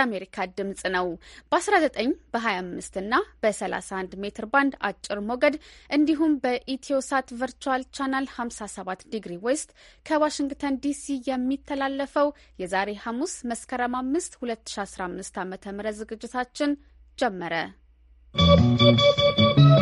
የአሜሪካ ድምጽ ነው። በ19 በ25 እና በ31 ሜትር ባንድ አጭር ሞገድ እንዲሁም በኢትዮሳት ቨርቹዋል ቻናል 57 ዲግሪ ዌስት ከዋሽንግተን ዲሲ የሚተላለፈው የዛሬ ሐሙስ መስከረም 5 2015 ዓ ም ዝግጅታችን ጀመረ። ¶¶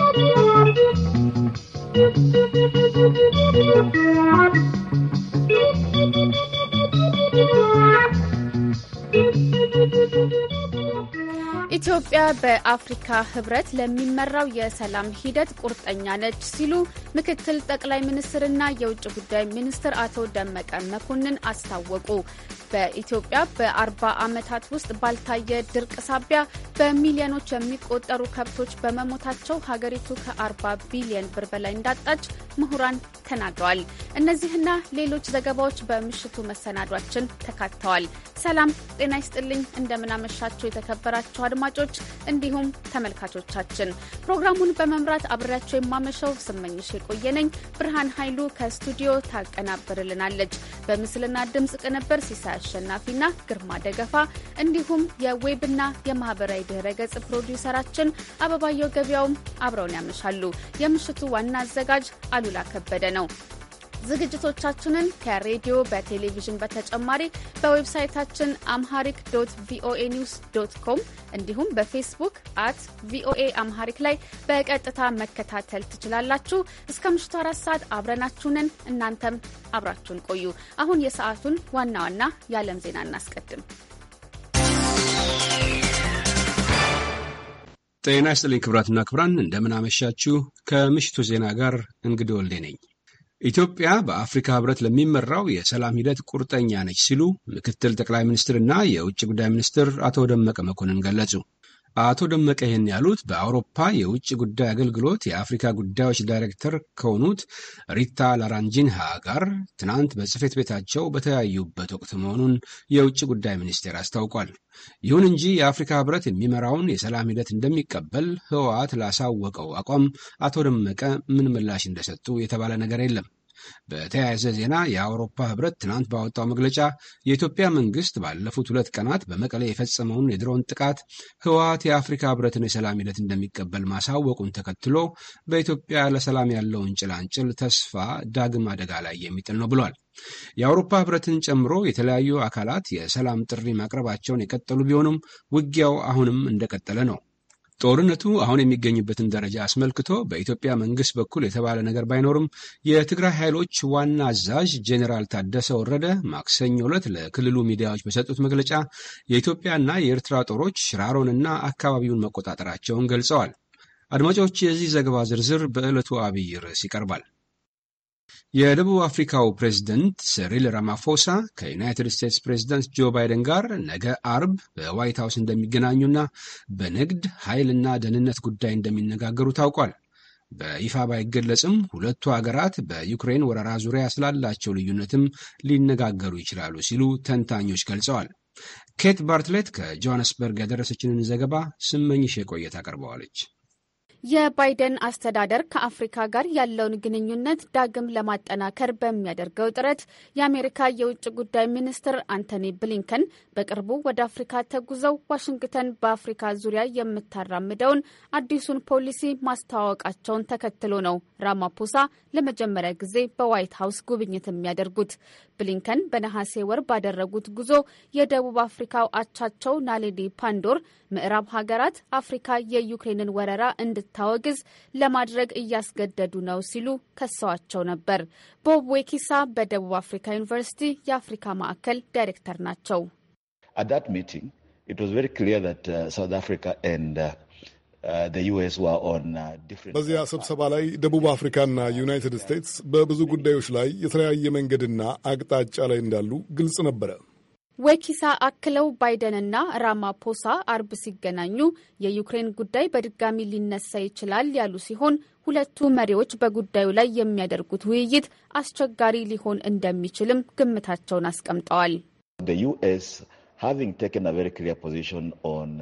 ኢትዮጵያ በአፍሪካ ህብረት ለሚመራው የሰላም ሂደት ቁርጠኛ ነች ሲሉ ምክትል ጠቅላይ ሚኒስትርና የውጭ ጉዳይ ሚኒስትር አቶ ደመቀ መኮንን አስታወቁ። በኢትዮጵያ በአርባ ዓመታት ውስጥ ባልታየ ድርቅ ሳቢያ በሚሊዮኖች የሚቆጠሩ ከብቶች በመሞታቸው ሀገሪቱ ከአርባ ቢሊዮን ብር በላይ እንዳጣች ምሁራን ተናግረዋል። እነዚህና ሌሎች ዘገባዎች በምሽቱ መሰናዷችን ተካተዋል። ሰላም ጤና ይስጥልኝ። እንደምናመሻቸው የተከበራቸው አድማጮች እንዲሁም ተመልካቾቻችን ፕሮግራሙን በመምራት አብሬያቸው የማመሸው ስመኝሽ የቆየነኝ ብርሃን ኃይሉ ከስቱዲዮ ታቀናብርልናለች። በምስልና ድምፅ ቅንብር ሲሳ አሸናፊና ግርማ ደገፋ እንዲሁም የዌብና የማህበራዊ ድህረ ገጽ ፕሮዲውሰራችን አበባየው ገበያውም አብረውን ያመሻሉ። የምሽቱ ዋና አዘጋጅ አሉላ ከበደ ነው። ዝግጅቶቻችንን ከሬዲዮ በቴሌቪዥን በተጨማሪ በዌብሳይታችን አምሃሪክ ዶት ቪኦኤ ኒውስ ዶት ኮም እንዲሁም በፌስቡክ አት ቪኦኤ አምሃሪክ ላይ በቀጥታ መከታተል ትችላላችሁ። እስከ ምሽቱ አራት ሰዓት አብረናችሁንን እናንተም አብራችሁን ቆዩ። አሁን የሰዓቱን ዋና ዋና የዓለም ዜና እናስቀድም። ጤና ይስጥልኝ ክብራትና ክብራን፣ እንደምን አመሻችሁ። ከምሽቱ ዜና ጋር እንግዲህ ወልዴ ነኝ። ኢትዮጵያ በአፍሪካ ህብረት ለሚመራው የሰላም ሂደት ቁርጠኛ ነች ሲሉ ምክትል ጠቅላይ ሚኒስትርና የውጭ ጉዳይ ሚኒስትር አቶ ደመቀ መኮንን ገለጹ። አቶ ደመቀ ይህን ያሉት በአውሮፓ የውጭ ጉዳይ አገልግሎት የአፍሪካ ጉዳዮች ዳይሬክተር ከሆኑት ሪታ ላራንጂንሃ ጋር ትናንት በጽሕፈት ቤታቸው በተያዩበት ወቅት መሆኑን የውጭ ጉዳይ ሚኒስቴር አስታውቋል። ይሁን እንጂ የአፍሪካ ህብረት የሚመራውን የሰላም ሂደት እንደሚቀበል ህወሓት ላሳወቀው አቋም አቶ ደመቀ ምን ምላሽ እንደሰጡ የተባለ ነገር የለም። በተያያዘ ዜና የአውሮፓ ህብረት ትናንት ባወጣው መግለጫ የኢትዮጵያ መንግስት ባለፉት ሁለት ቀናት በመቀሌ የፈጸመውን የድሮን ጥቃት ህወሓት የአፍሪካ ህብረትን የሰላም ሂደት እንደሚቀበል ማሳወቁን ተከትሎ በኢትዮጵያ ለሰላም ያለውን ጭላንጭል ተስፋ ዳግም አደጋ ላይ የሚጥል ነው ብሏል። የአውሮፓ ህብረትን ጨምሮ የተለያዩ አካላት የሰላም ጥሪ ማቅረባቸውን የቀጠሉ ቢሆኑም ውጊያው አሁንም እንደቀጠለ ነው። ጦርነቱ አሁን የሚገኝበትን ደረጃ አስመልክቶ በኢትዮጵያ መንግስት በኩል የተባለ ነገር ባይኖርም የትግራይ ኃይሎች ዋና አዛዥ ጄኔራል ታደሰ ወረደ ማክሰኞ ዕለት ለክልሉ ሚዲያዎች በሰጡት መግለጫ የኢትዮጵያና የኤርትራ ጦሮች ሽራሮንና አካባቢውን መቆጣጠራቸውን ገልጸዋል። አድማጮች፣ የዚህ ዘገባ ዝርዝር በዕለቱ አብይ ርዕስ ይቀርባል። የደቡብ አፍሪካው ፕሬዝደንት ሰሪል ራማፎሳ ከዩናይትድ ስቴትስ ፕሬዝደንት ጆ ባይደን ጋር ነገ አርብ በዋይት ሀውስ እንደሚገናኙና በንግድ ኃይልና ደህንነት ጉዳይ እንደሚነጋገሩ ታውቋል። በይፋ ባይገለጽም ሁለቱ ሀገራት በዩክሬን ወረራ ዙሪያ ስላላቸው ልዩነትም ሊነጋገሩ ይችላሉ ሲሉ ተንታኞች ገልጸዋል። ኬት ባርትሌት ከጆሃንስበርግ ያደረሰችንን ዘገባ ስመኝሽ የቆየት አቀርበዋለች። የባይደን አስተዳደር ከአፍሪካ ጋር ያለውን ግንኙነት ዳግም ለማጠናከር በሚያደርገው ጥረት የአሜሪካ የውጭ ጉዳይ ሚኒስትር አንቶኒ ብሊንከን በቅርቡ ወደ አፍሪካ ተጉዘው ዋሽንግተን በአፍሪካ ዙሪያ የምታራምደውን አዲሱን ፖሊሲ ማስተዋወቃቸውን ተከትሎ ነው ራማፖሳ ለመጀመሪያ ጊዜ በዋይት ሀውስ ጉብኝት የሚያደርጉት። ብሊንከን በነሐሴ ወር ባደረጉት ጉዞ የደቡብ አፍሪካው አቻቸው ናሌዲ ፓንዶር ምዕራብ ሀገራት አፍሪካ የዩክሬንን ወረራ እንድታወግዝ ለማድረግ እያስገደዱ ነው ሲሉ ከሰዋቸው ነበር። ቦብ ዌኪሳ በደቡብ አፍሪካ ዩኒቨርሲቲ የአፍሪካ ማዕከል ዳይሬክተር ናቸው። uh, uh, uh, በዚያ ስብሰባ ላይ ደቡብ አፍሪካና ዩናይትድ ስቴትስ በብዙ ጉዳዮች ላይ የተለያየ መንገድና አቅጣጫ ላይ እንዳሉ ግልጽ ነበረ። ወኪሳ አክለው ባይደንና ራማፖሳ አርብ ሲገናኙ የዩክሬን ጉዳይ በድጋሚ ሊነሳ ይችላል ያሉ ሲሆን ሁለቱ መሪዎች በጉዳዩ ላይ የሚያደርጉት ውይይት አስቸጋሪ ሊሆን እንደሚችልም ግምታቸውን አስቀምጠዋል። um,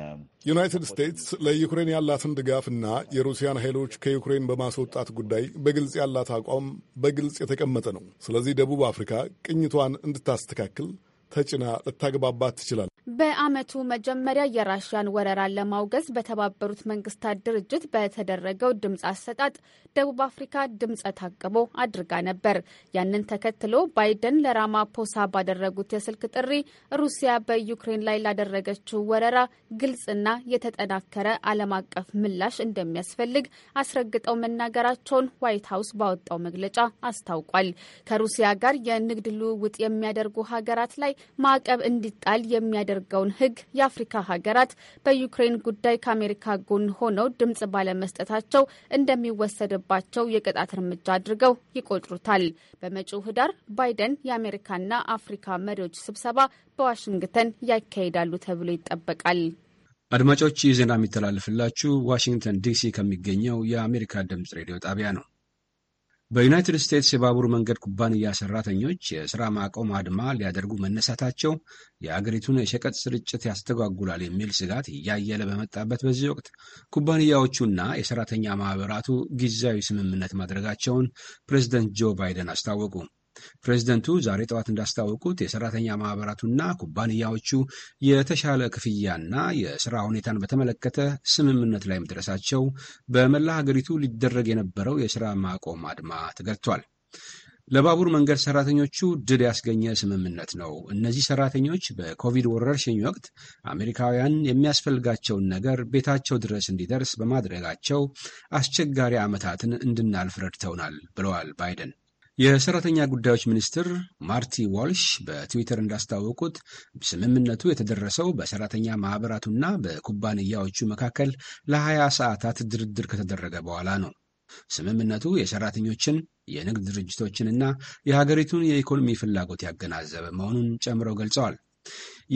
ዩናይትድ ስቴትስ ለዩክሬን ያላትን ድጋፍ እና የሩሲያን ኃይሎች ከዩክሬን በማስወጣት ጉዳይ በግልጽ ያላት አቋም በግልጽ የተቀመጠ ነው። ስለዚህ ደቡብ አፍሪካ ቅኝቷን እንድታስተካክል ተጭና ልታግባባት ትችላል። በዓመቱ መጀመሪያ የራሽያን ወረራን ለማውገዝ በተባበሩት መንግስታት ድርጅት በተደረገው ድምፅ አሰጣጥ ደቡብ አፍሪካ ድምፀ ታቅቦ አድርጋ ነበር። ያንን ተከትሎ ባይደን ለራማፖሳ ባደረጉት የስልክ ጥሪ ሩሲያ በዩክሬን ላይ ላደረገችው ወረራ ግልጽና የተጠናከረ ዓለም አቀፍ ምላሽ እንደሚያስፈልግ አስረግጠው መናገራቸውን ዋይት ሀውስ ባወጣው መግለጫ አስታውቋል። ከሩሲያ ጋር የንግድ ልውውጥ የሚያደርጉ ሀገራት ላይ ማዕቀብ እንዲጣል የሚያደ የሚያደርገውን ህግ የአፍሪካ ሀገራት በዩክሬን ጉዳይ ከአሜሪካ ጎን ሆነው ድምጽ ባለመስጠታቸው እንደሚወሰድባቸው የቅጣት እርምጃ አድርገው ይቆጥሩታል። በመጪው ህዳር ባይደን የአሜሪካና አፍሪካ መሪዎች ስብሰባ በዋሽንግተን ያካሄዳሉ ተብሎ ይጠበቃል። አድማጮች ይህ ዜና የሚተላለፍላችሁ ዋሽንግተን ዲሲ ከሚገኘው የአሜሪካ ድምፅ ሬዲዮ ጣቢያ ነው። በዩናይትድ ስቴትስ የባቡር መንገድ ኩባንያ ሰራተኞች የስራ ማቆም አድማ ሊያደርጉ መነሳታቸው የአገሪቱን የሸቀጥ ስርጭት ያስተጓጉላል የሚል ስጋት እያየለ በመጣበት በዚህ ወቅት ኩባንያዎቹና የሰራተኛ ማህበራቱ ጊዜያዊ ስምምነት ማድረጋቸውን ፕሬዚደንት ጆ ባይደን አስታወቁ። ፕሬዚደንቱ ዛሬ ጠዋት እንዳስታወቁት የሰራተኛ ማህበራቱና ኩባንያዎቹ የተሻለ ክፍያና የስራ ሁኔታን በተመለከተ ስምምነት ላይ መድረሳቸው በመላ ሀገሪቱ ሊደረግ የነበረው የስራ ማቆም አድማ ተገድቷል። ለባቡር መንገድ ሰራተኞቹ ድል ያስገኘ ስምምነት ነው። እነዚህ ሰራተኞች በኮቪድ ወረርሽኝ ወቅት አሜሪካውያን የሚያስፈልጋቸውን ነገር ቤታቸው ድረስ እንዲደርስ በማድረጋቸው አስቸጋሪ ዓመታትን እንድናልፍ ረድተውናል ብለዋል ባይደን። የሰራተኛ ጉዳዮች ሚኒስትር ማርቲ ዋልሽ በትዊተር እንዳስታወቁት ስምምነቱ የተደረሰው በሰራተኛ ማኅበራቱና በኩባንያዎቹ መካከል ለ20 ሰዓታት ድርድር ከተደረገ በኋላ ነው። ስምምነቱ የሰራተኞችን የንግድ ድርጅቶችንና የሀገሪቱን የኢኮኖሚ ፍላጎት ያገናዘበ መሆኑን ጨምረው ገልጸዋል።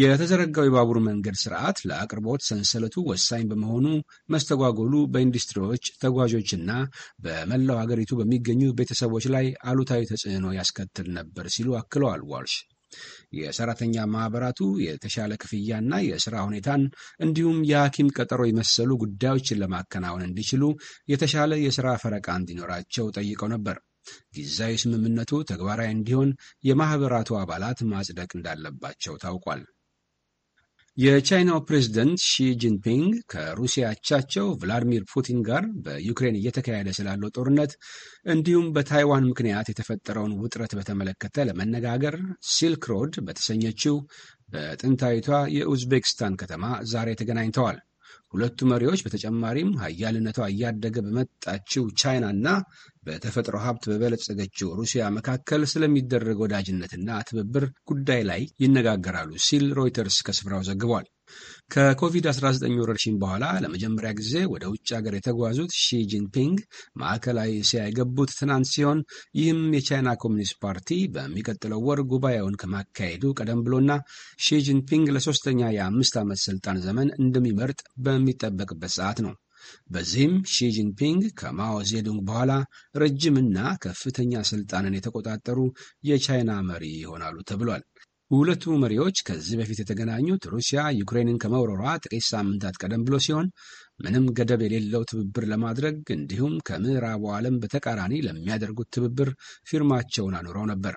የተዘረጋው የባቡር መንገድ ስርዓት ለአቅርቦት ሰንሰለቱ ወሳኝ በመሆኑ መስተጓጎሉ በኢንዱስትሪዎች፣ ተጓዦችና በመላው ሀገሪቱ በሚገኙ ቤተሰቦች ላይ አሉታዊ ተጽዕኖ ያስከትል ነበር ሲሉ አክለዋል ዋልሽ። የሰራተኛ ማህበራቱ የተሻለ ክፍያና የስራ ሁኔታን እንዲሁም የሐኪም ቀጠሮ የመሰሉ ጉዳዮችን ለማከናወን እንዲችሉ የተሻለ የስራ ፈረቃ እንዲኖራቸው ጠይቀው ነበር። ጊዜያዊ ስምምነቱ ተግባራዊ እንዲሆን የማህበራቱ አባላት ማጽደቅ እንዳለባቸው ታውቋል። የቻይናው ፕሬዝደንት ሺ ጂንፒንግ ከሩሲያ አቻቸው ቭላዲሚር ፑቲን ጋር በዩክሬን እየተካሄደ ስላለው ጦርነት እንዲሁም በታይዋን ምክንያት የተፈጠረውን ውጥረት በተመለከተ ለመነጋገር ሲልክ ሮድ በተሰኘችው በጥንታዊቷ የኡዝቤክስታን ከተማ ዛሬ ተገናኝተዋል። ሁለቱ መሪዎች በተጨማሪም ሀያልነቷ እያደገ በመጣችው ቻይና እና በተፈጥሮ ሀብት በበለጸገችው ሩሲያ መካከል ስለሚደረግ ወዳጅነትና ትብብር ጉዳይ ላይ ይነጋገራሉ ሲል ሮይተርስ ከስፍራው ዘግቧል። ከኮቪድ-19 ወረርሽኝ በኋላ ለመጀመሪያ ጊዜ ወደ ውጭ ሀገር የተጓዙት ሺ ጂንፒንግ ማዕከላዊ እስያ የገቡት ትናንት ሲሆን ይህም የቻይና ኮሚኒስት ፓርቲ በሚቀጥለው ወር ጉባኤውን ከማካሄዱ ቀደም ብሎና ሺ ጂንፒንግ ለሶስተኛ የአምስት ዓመት ስልጣን ዘመን እንደሚመርጥ በሚጠበቅበት ሰዓት ነው። በዚህም ሺጂንፒንግ ከማኦ ዜዱንግ በኋላ ረጅምና ከፍተኛ ስልጣንን የተቆጣጠሩ የቻይና መሪ ይሆናሉ ተብሏል። ሁለቱ መሪዎች ከዚህ በፊት የተገናኙት ሩሲያ ዩክሬንን ከመውረሯ ጥቂት ሳምንታት ቀደም ብሎ ሲሆን ምንም ገደብ የሌለው ትብብር ለማድረግ እንዲሁም ከምዕራቡ ዓለም በተቃራኒ ለሚያደርጉት ትብብር ፊርማቸውን አኑረው ነበር።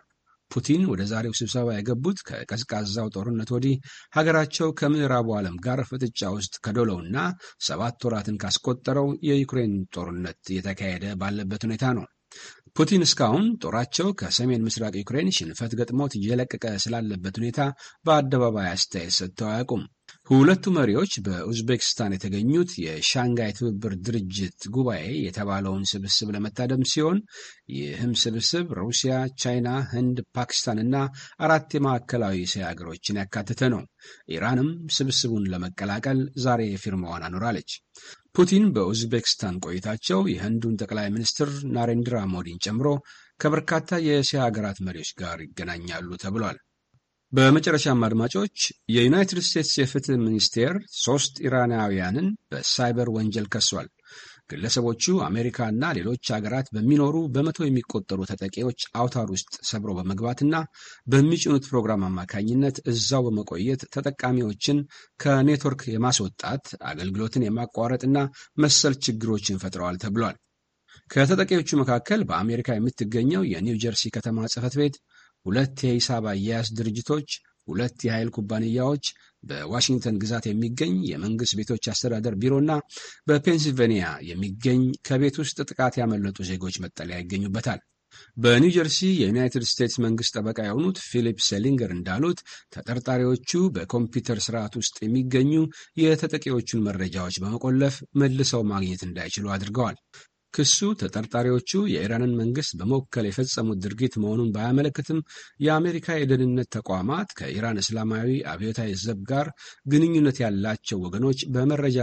ፑቲን ወደ ዛሬው ስብሰባ የገቡት ከቀዝቃዛው ጦርነት ወዲህ ሀገራቸው ከምዕራቡ ዓለም ጋር ፍጥጫ ውስጥ ከዶለውና ሰባት ወራትን ካስቆጠረው የዩክሬን ጦርነት እየተካሄደ ባለበት ሁኔታ ነው። ፑቲን እስካሁን ጦራቸው ከሰሜን ምስራቅ ዩክሬን ሽንፈት ገጥሞት እየለቀቀ ስላለበት ሁኔታ በአደባባይ አስተያየት ሰጥተው አያውቁም። ሁለቱ መሪዎች በኡዝቤክስታን የተገኙት የሻንጋይ ትብብር ድርጅት ጉባኤ የተባለውን ስብስብ ለመታደም ሲሆን ይህም ስብስብ ሩሲያ፣ ቻይና፣ ህንድ፣ ፓኪስታን እና አራት የማዕከላዊ እስያ ሀገሮችን ያካተተ ነው። ኢራንም ስብስቡን ለመቀላቀል ዛሬ ፊርማዋን አኖራለች። ፑቲን በኡዝቤክስታን ቆይታቸው የህንዱን ጠቅላይ ሚኒስትር ናሬንድራ ሞዲን ጨምሮ ከበርካታ የእስያ ሀገራት መሪዎች ጋር ይገናኛሉ ተብሏል። በመጨረሻም አድማጮች የዩናይትድ ስቴትስ የፍትህ ሚኒስቴር ሦስት ኢራናውያንን በሳይበር ወንጀል ከሷል። ግለሰቦቹ አሜሪካና ሌሎች ሀገራት በሚኖሩ በመቶ የሚቆጠሩ ተጠቂዎች አውታር ውስጥ ሰብሮ በመግባትና በሚጭኑት ፕሮግራም አማካኝነት እዛው በመቆየት ተጠቃሚዎችን ከኔትወርክ የማስወጣት አገልግሎትን የማቋረጥና መሰል ችግሮችን ፈጥረዋል ተብሏል። ከተጠቂዎቹ መካከል በአሜሪካ የምትገኘው የኒው ጀርሲ ከተማ ጽህፈት ቤት ሁለት የሂሳብ አያያዝ ድርጅቶች ሁለት የኃይል ኩባንያዎች፣ በዋሽንግተን ግዛት የሚገኝ የመንግስት ቤቶች አስተዳደር ቢሮና በፔንሲልቬኒያ የሚገኝ ከቤት ውስጥ ጥቃት ያመለጡ ዜጎች መጠለያ ይገኙበታል። በኒው ጀርሲ የዩናይትድ ስቴትስ መንግስት ጠበቃ የሆኑት ፊሊፕ ሴሊንገር እንዳሉት ተጠርጣሪዎቹ በኮምፒውተር ስርዓት ውስጥ የሚገኙ የተጠቂዎቹን መረጃዎች በመቆለፍ መልሰው ማግኘት እንዳይችሉ አድርገዋል። ክሱ ተጠርጣሪዎቹ የኢራንን መንግሥት በመወከል የፈጸሙት ድርጊት መሆኑን ባያመለክትም የአሜሪካ የደህንነት ተቋማት ከኢራን እስላማዊ አብዮታዊ ዘብ ጋር ግንኙነት ያላቸው ወገኖች በመረጃ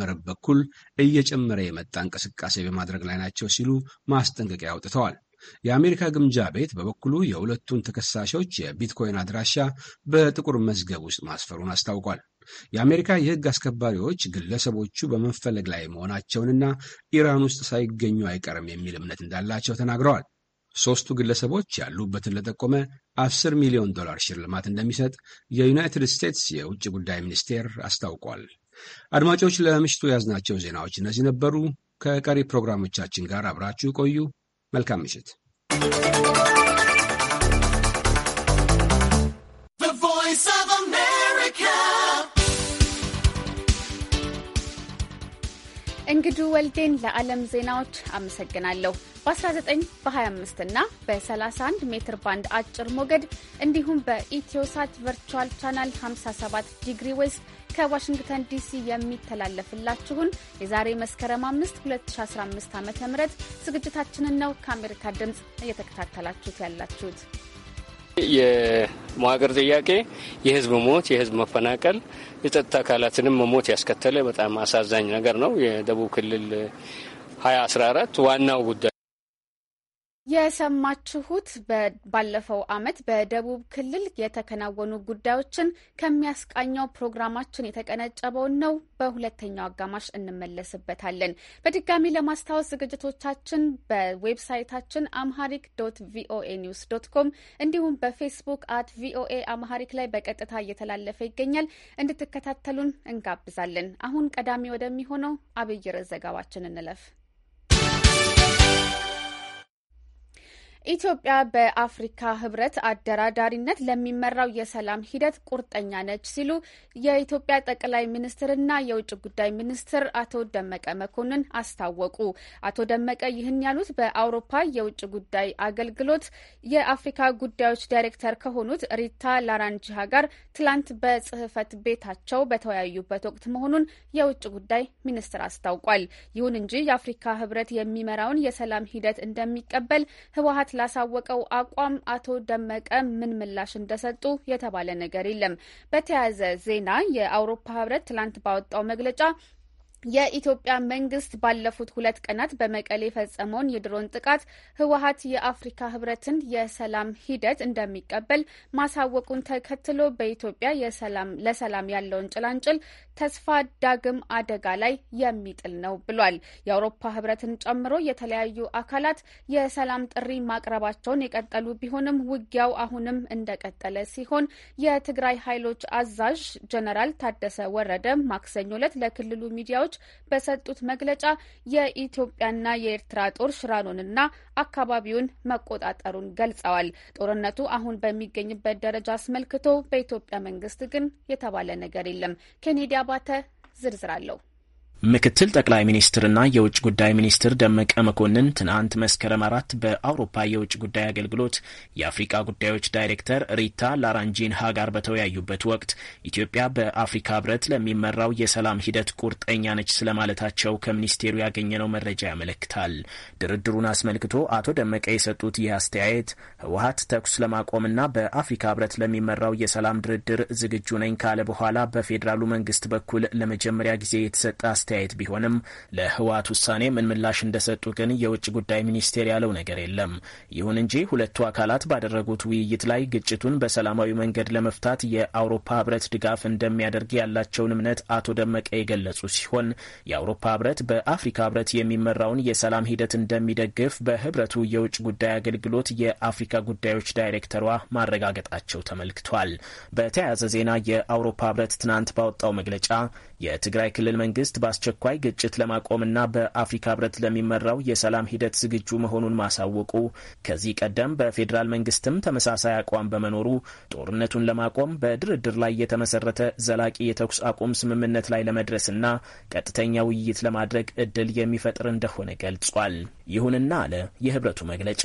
መረብ በኩል እየጨመረ የመጣ እንቅስቃሴ በማድረግ ላይ ናቸው ሲሉ ማስጠንቀቂያ አውጥተዋል። የአሜሪካ ግምጃ ቤት በበኩሉ የሁለቱን ተከሳሾች የቢትኮይን አድራሻ በጥቁር መዝገብ ውስጥ ማስፈሩን አስታውቋል። የአሜሪካ የህግ አስከባሪዎች ግለሰቦቹ በመፈለግ ላይ መሆናቸውንና ኢራን ውስጥ ሳይገኙ አይቀርም የሚል እምነት እንዳላቸው ተናግረዋል። ሦስቱ ግለሰቦች ያሉበትን ለጠቆመ አስር ሚሊዮን ዶላር ሽልማት እንደሚሰጥ የዩናይትድ ስቴትስ የውጭ ጉዳይ ሚኒስቴር አስታውቋል። አድማጮች፣ ለምሽቱ ያዝናቸው ዜናዎች እነዚህ ነበሩ። ከቀሪ ፕሮግራሞቻችን ጋር አብራችሁ ቆዩ። መልካም ምሽት። እንግዱ ወልዴን ለዓለም ዜናዎች አመሰግናለሁ። በ19 በ25 እና በ31 ሜትር ባንድ አጭር ሞገድ እንዲሁም በኢትዮሳት ቨርቹዋል ቻናል 57 ዲግሪ ዌስት ከዋሽንግተን ዲሲ የሚተላለፍላችሁን የዛሬ መስከረም 5 2015 ዓ ም ዝግጅታችንን ነው ከአሜሪካ ድምፅ እየተከታተላችሁት ያላችሁት። የመዋቅር ጥያቄ የህዝብ ሞት፣ የህዝብ መፈናቀል፣ የጸጥታ አካላትንም መሞት ያስከተለ በጣም አሳዛኝ ነገር ነው። የደቡብ ክልል 2014 ዋናው ጉዳይ የሰማችሁት ባለፈው ዓመት በደቡብ ክልል የተከናወኑ ጉዳዮችን ከሚያስቃኘው ፕሮግራማችን የተቀነጨበውን ነው። በሁለተኛው አጋማሽ እንመለስበታለን። በድጋሚ ለማስታወስ ዝግጅቶቻችን በዌብሳይታችን አምሃሪክ ዶት ቪኦኤ ኒውስ ዶት ኮም እንዲሁም በፌስቡክ አት ቪኦኤ አምሃሪክ ላይ በቀጥታ እየተላለፈ ይገኛል። እንድትከታተሉን እንጋብዛለን። አሁን ቀዳሚ ወደሚሆነው አብይ ርዕስ ዘገባችን እንለፍ። ኢትዮጵያ በአፍሪካ ህብረት አደራዳሪነት ለሚመራው የሰላም ሂደት ቁርጠኛ ነች ሲሉ የኢትዮጵያ ጠቅላይ ሚኒስትርና የውጭ ጉዳይ ሚኒስትር አቶ ደመቀ መኮንን አስታወቁ። አቶ ደመቀ ይህን ያሉት በአውሮፓ የውጭ ጉዳይ አገልግሎት የአፍሪካ ጉዳዮች ዳይሬክተር ከሆኑት ሪታ ላራንጂሃ ጋር ትላንት በጽህፈት ቤታቸው በተወያዩበት ወቅት መሆኑን የውጭ ጉዳይ ሚኒስትር አስታውቋል። ይሁን እንጂ የአፍሪካ ህብረት የሚመራውን የሰላም ሂደት እንደሚቀበል ህወሀት ላሳወቀው አቋም አቶ ደመቀ ምን ምላሽ እንደሰጡ የተባለ ነገር የለም። በተያያዘ ዜና የአውሮፓ ህብረት ትላንት ባወጣው መግለጫ የኢትዮጵያ መንግስት ባለፉት ሁለት ቀናት በመቀሌ የፈጸመውን የድሮን ጥቃት ህወሀት የአፍሪካ ህብረትን የሰላም ሂደት እንደሚቀበል ማሳወቁን ተከትሎ በኢትዮጵያ ለሰላም ያለውን ጭላንጭል ተስፋ ዳግም አደጋ ላይ የሚጥል ነው ብሏል። የአውሮፓ ህብረትን ጨምሮ የተለያዩ አካላት የሰላም ጥሪ ማቅረባቸውን የቀጠሉ ቢሆንም ውጊያው አሁንም እንደቀጠለ ሲሆን የትግራይ ኃይሎች አዛዥ ጀነራል ታደሰ ወረደ ማክሰኞ ዕለት ለክልሉ ሚዲያዎች ኃይሎች በሰጡት መግለጫ የኢትዮጵያና የኤርትራ ጦር ሽራኖንና አካባቢውን መቆጣጠሩን ገልጸዋል። ጦርነቱ አሁን በሚገኝበት ደረጃ አስመልክቶ በኢትዮጵያ መንግስት ግን የተባለ ነገር የለም። ኬኔዲ አባተ ዝርዝር አለው። ምክትል ጠቅላይ ሚኒስትርና የውጭ ጉዳይ ሚኒስትር ደመቀ መኮንን ትናንት መስከረም አራት በአውሮፓ የውጭ ጉዳይ አገልግሎት የአፍሪካ ጉዳዮች ዳይሬክተር ሪታ ላራንጂን ሀጋር በተወያዩበት ወቅት ኢትዮጵያ በአፍሪካ ሕብረት ለሚመራው የሰላም ሂደት ቁርጠኛ ነች ስለማለታቸው ከሚኒስቴሩ ያገኘነው መረጃ ያመለክታል። ድርድሩን አስመልክቶ አቶ ደመቀ የሰጡት ይህ አስተያየት ህወሀት ተኩስ ለማቆምና በአፍሪካ ሕብረት ለሚመራው የሰላም ድርድር ዝግጁ ነኝ ካለ በኋላ በፌዴራሉ መንግስት በኩል ለመጀመሪያ ጊዜ የተሰጠ አስተያየት ቢሆንም ለህወሓት ውሳኔ ምን ምላሽ እንደሰጡ ግን የውጭ ጉዳይ ሚኒስቴር ያለው ነገር የለም። ይሁን እንጂ ሁለቱ አካላት ባደረጉት ውይይት ላይ ግጭቱን በሰላማዊ መንገድ ለመፍታት የአውሮፓ ህብረት ድጋፍ እንደሚያደርግ ያላቸውን እምነት አቶ ደመቀ የገለጹ ሲሆን የአውሮፓ ህብረት በአፍሪካ ህብረት የሚመራውን የሰላም ሂደት እንደሚደግፍ በህብረቱ የውጭ ጉዳይ አገልግሎት የአፍሪካ ጉዳዮች ዳይሬክተሯ ማረጋገጣቸው ተመልክቷል። በተያያዘ ዜና የአውሮፓ ህብረት ትናንት ባወጣው መግለጫ የትግራይ ክልል መንግስት አስቸኳይ ግጭት ለማቆምና በአፍሪካ ህብረት ለሚመራው የሰላም ሂደት ዝግጁ መሆኑን ማሳወቁ ከዚህ ቀደም በፌዴራል መንግስትም ተመሳሳይ አቋም በመኖሩ ጦርነቱን ለማቆም በድርድር ላይ የተመሰረተ ዘላቂ የተኩስ አቁም ስምምነት ላይ ለመድረስና ቀጥተኛ ውይይት ለማድረግ እድል የሚፈጥር እንደሆነ ገልጿል። ይሁንና አለ የህብረቱ መግለጫ።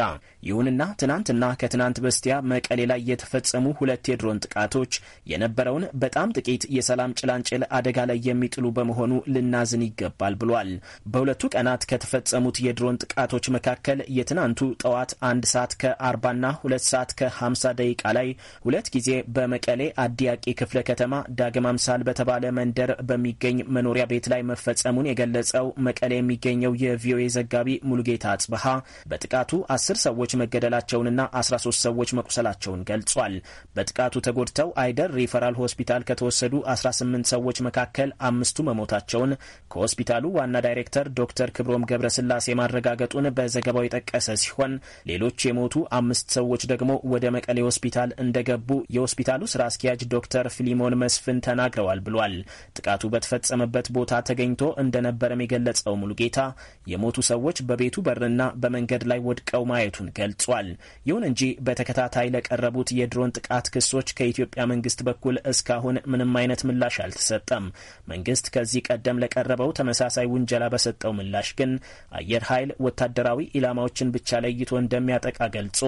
ይሁንና ትናንትና ከትናንት በስቲያ መቀሌ ላይ የተፈጸሙ ሁለት የድሮን ጥቃቶች የነበረውን በጣም ጥቂት የሰላም ጭላንጭል አደጋ ላይ የሚጥሉ በመሆኑ ልና ሊያዝን ይገባል ብሏል። በሁለቱ ቀናት ከተፈጸሙት የድሮን ጥቃቶች መካከል የትናንቱ ጠዋት አንድ ሰዓት ከ40ና ሁለት ሰዓት ከ50 ደቂቃ ላይ ሁለት ጊዜ በመቀሌ አዲያቂ ክፍለ ከተማ ዳግም አምሳል በተባለ መንደር በሚገኝ መኖሪያ ቤት ላይ መፈጸሙን የገለጸው መቀሌ የሚገኘው የቪኦኤ ዘጋቢ ሙሉጌታ አጽብሃ በጥቃቱ አስር ሰዎች መገደላቸውንና 13 ሰዎች መቁሰላቸውን ገልጿል። በጥቃቱ ተጎድተው አይደር ሪፈራል ሆስፒታል ከተወሰዱ 18 ሰዎች መካከል አምስቱ መሞታቸውን ከሆስፒታሉ ዋና ዳይሬክተር ዶክተር ክብሮም ገብረስላሴ ማረጋገጡን በዘገባው የጠቀሰ ሲሆን ሌሎች የሞቱ አምስት ሰዎች ደግሞ ወደ መቀሌ ሆስፒታል እንደገቡ የሆስፒታሉ ስራ አስኪያጅ ዶክተር ፊሊሞን መስፍን ተናግረዋል ብሏል። ጥቃቱ በተፈጸመበት ቦታ ተገኝቶ እንደነበረም የገለጸው ሙሉጌታ የሞቱ ሰዎች በቤቱ በርና በመንገድ ላይ ወድቀው ማየቱን ገልጿል። ይሁን እንጂ በተከታታይ ለቀረቡት የድሮን ጥቃት ክሶች ከኢትዮጵያ መንግስት በኩል እስካሁን ምንም አይነት ምላሽ አልተሰጠም። መንግስት ከዚህ ቀደም ለቀ ለቀረበው ተመሳሳይ ውንጀላ በሰጠው ምላሽ ግን አየር ኃይል ወታደራዊ ኢላማዎችን ብቻ ለይቶ እንደሚያጠቃ ገልጾ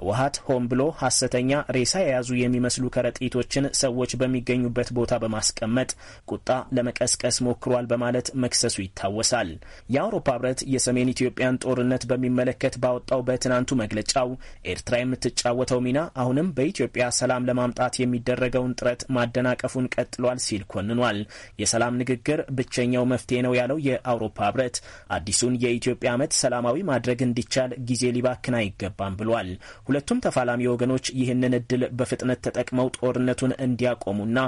ህወሀት ሆን ብሎ ሀሰተኛ ሬሳ የያዙ የሚመስሉ ከረጢቶችን ሰዎች በሚገኙበት ቦታ በማስቀመጥ ቁጣ ለመቀስቀስ ሞክሯል በማለት መክሰሱ ይታወሳል። የአውሮፓ ህብረት የሰሜን ኢትዮጵያን ጦርነት በሚመለከት ባወጣው በትናንቱ መግለጫው ኤርትራ የምትጫወተው ሚና አሁንም በኢትዮጵያ ሰላም ለማምጣት የሚደረገውን ጥረት ማደናቀፉን ቀጥሏል ሲል ኮንኗል። የሰላም ንግግር ብቸኛ ብቸኛው መፍትሄ ነው ያለው የአውሮፓ ህብረት አዲሱን የኢትዮጵያ ዓመት ሰላማዊ ማድረግ እንዲቻል ጊዜ ሊባክን አይገባም ብሏል። ሁለቱም ተፋላሚ ወገኖች ይህንን እድል በፍጥነት ተጠቅመው ጦርነቱን እንዲያቆሙና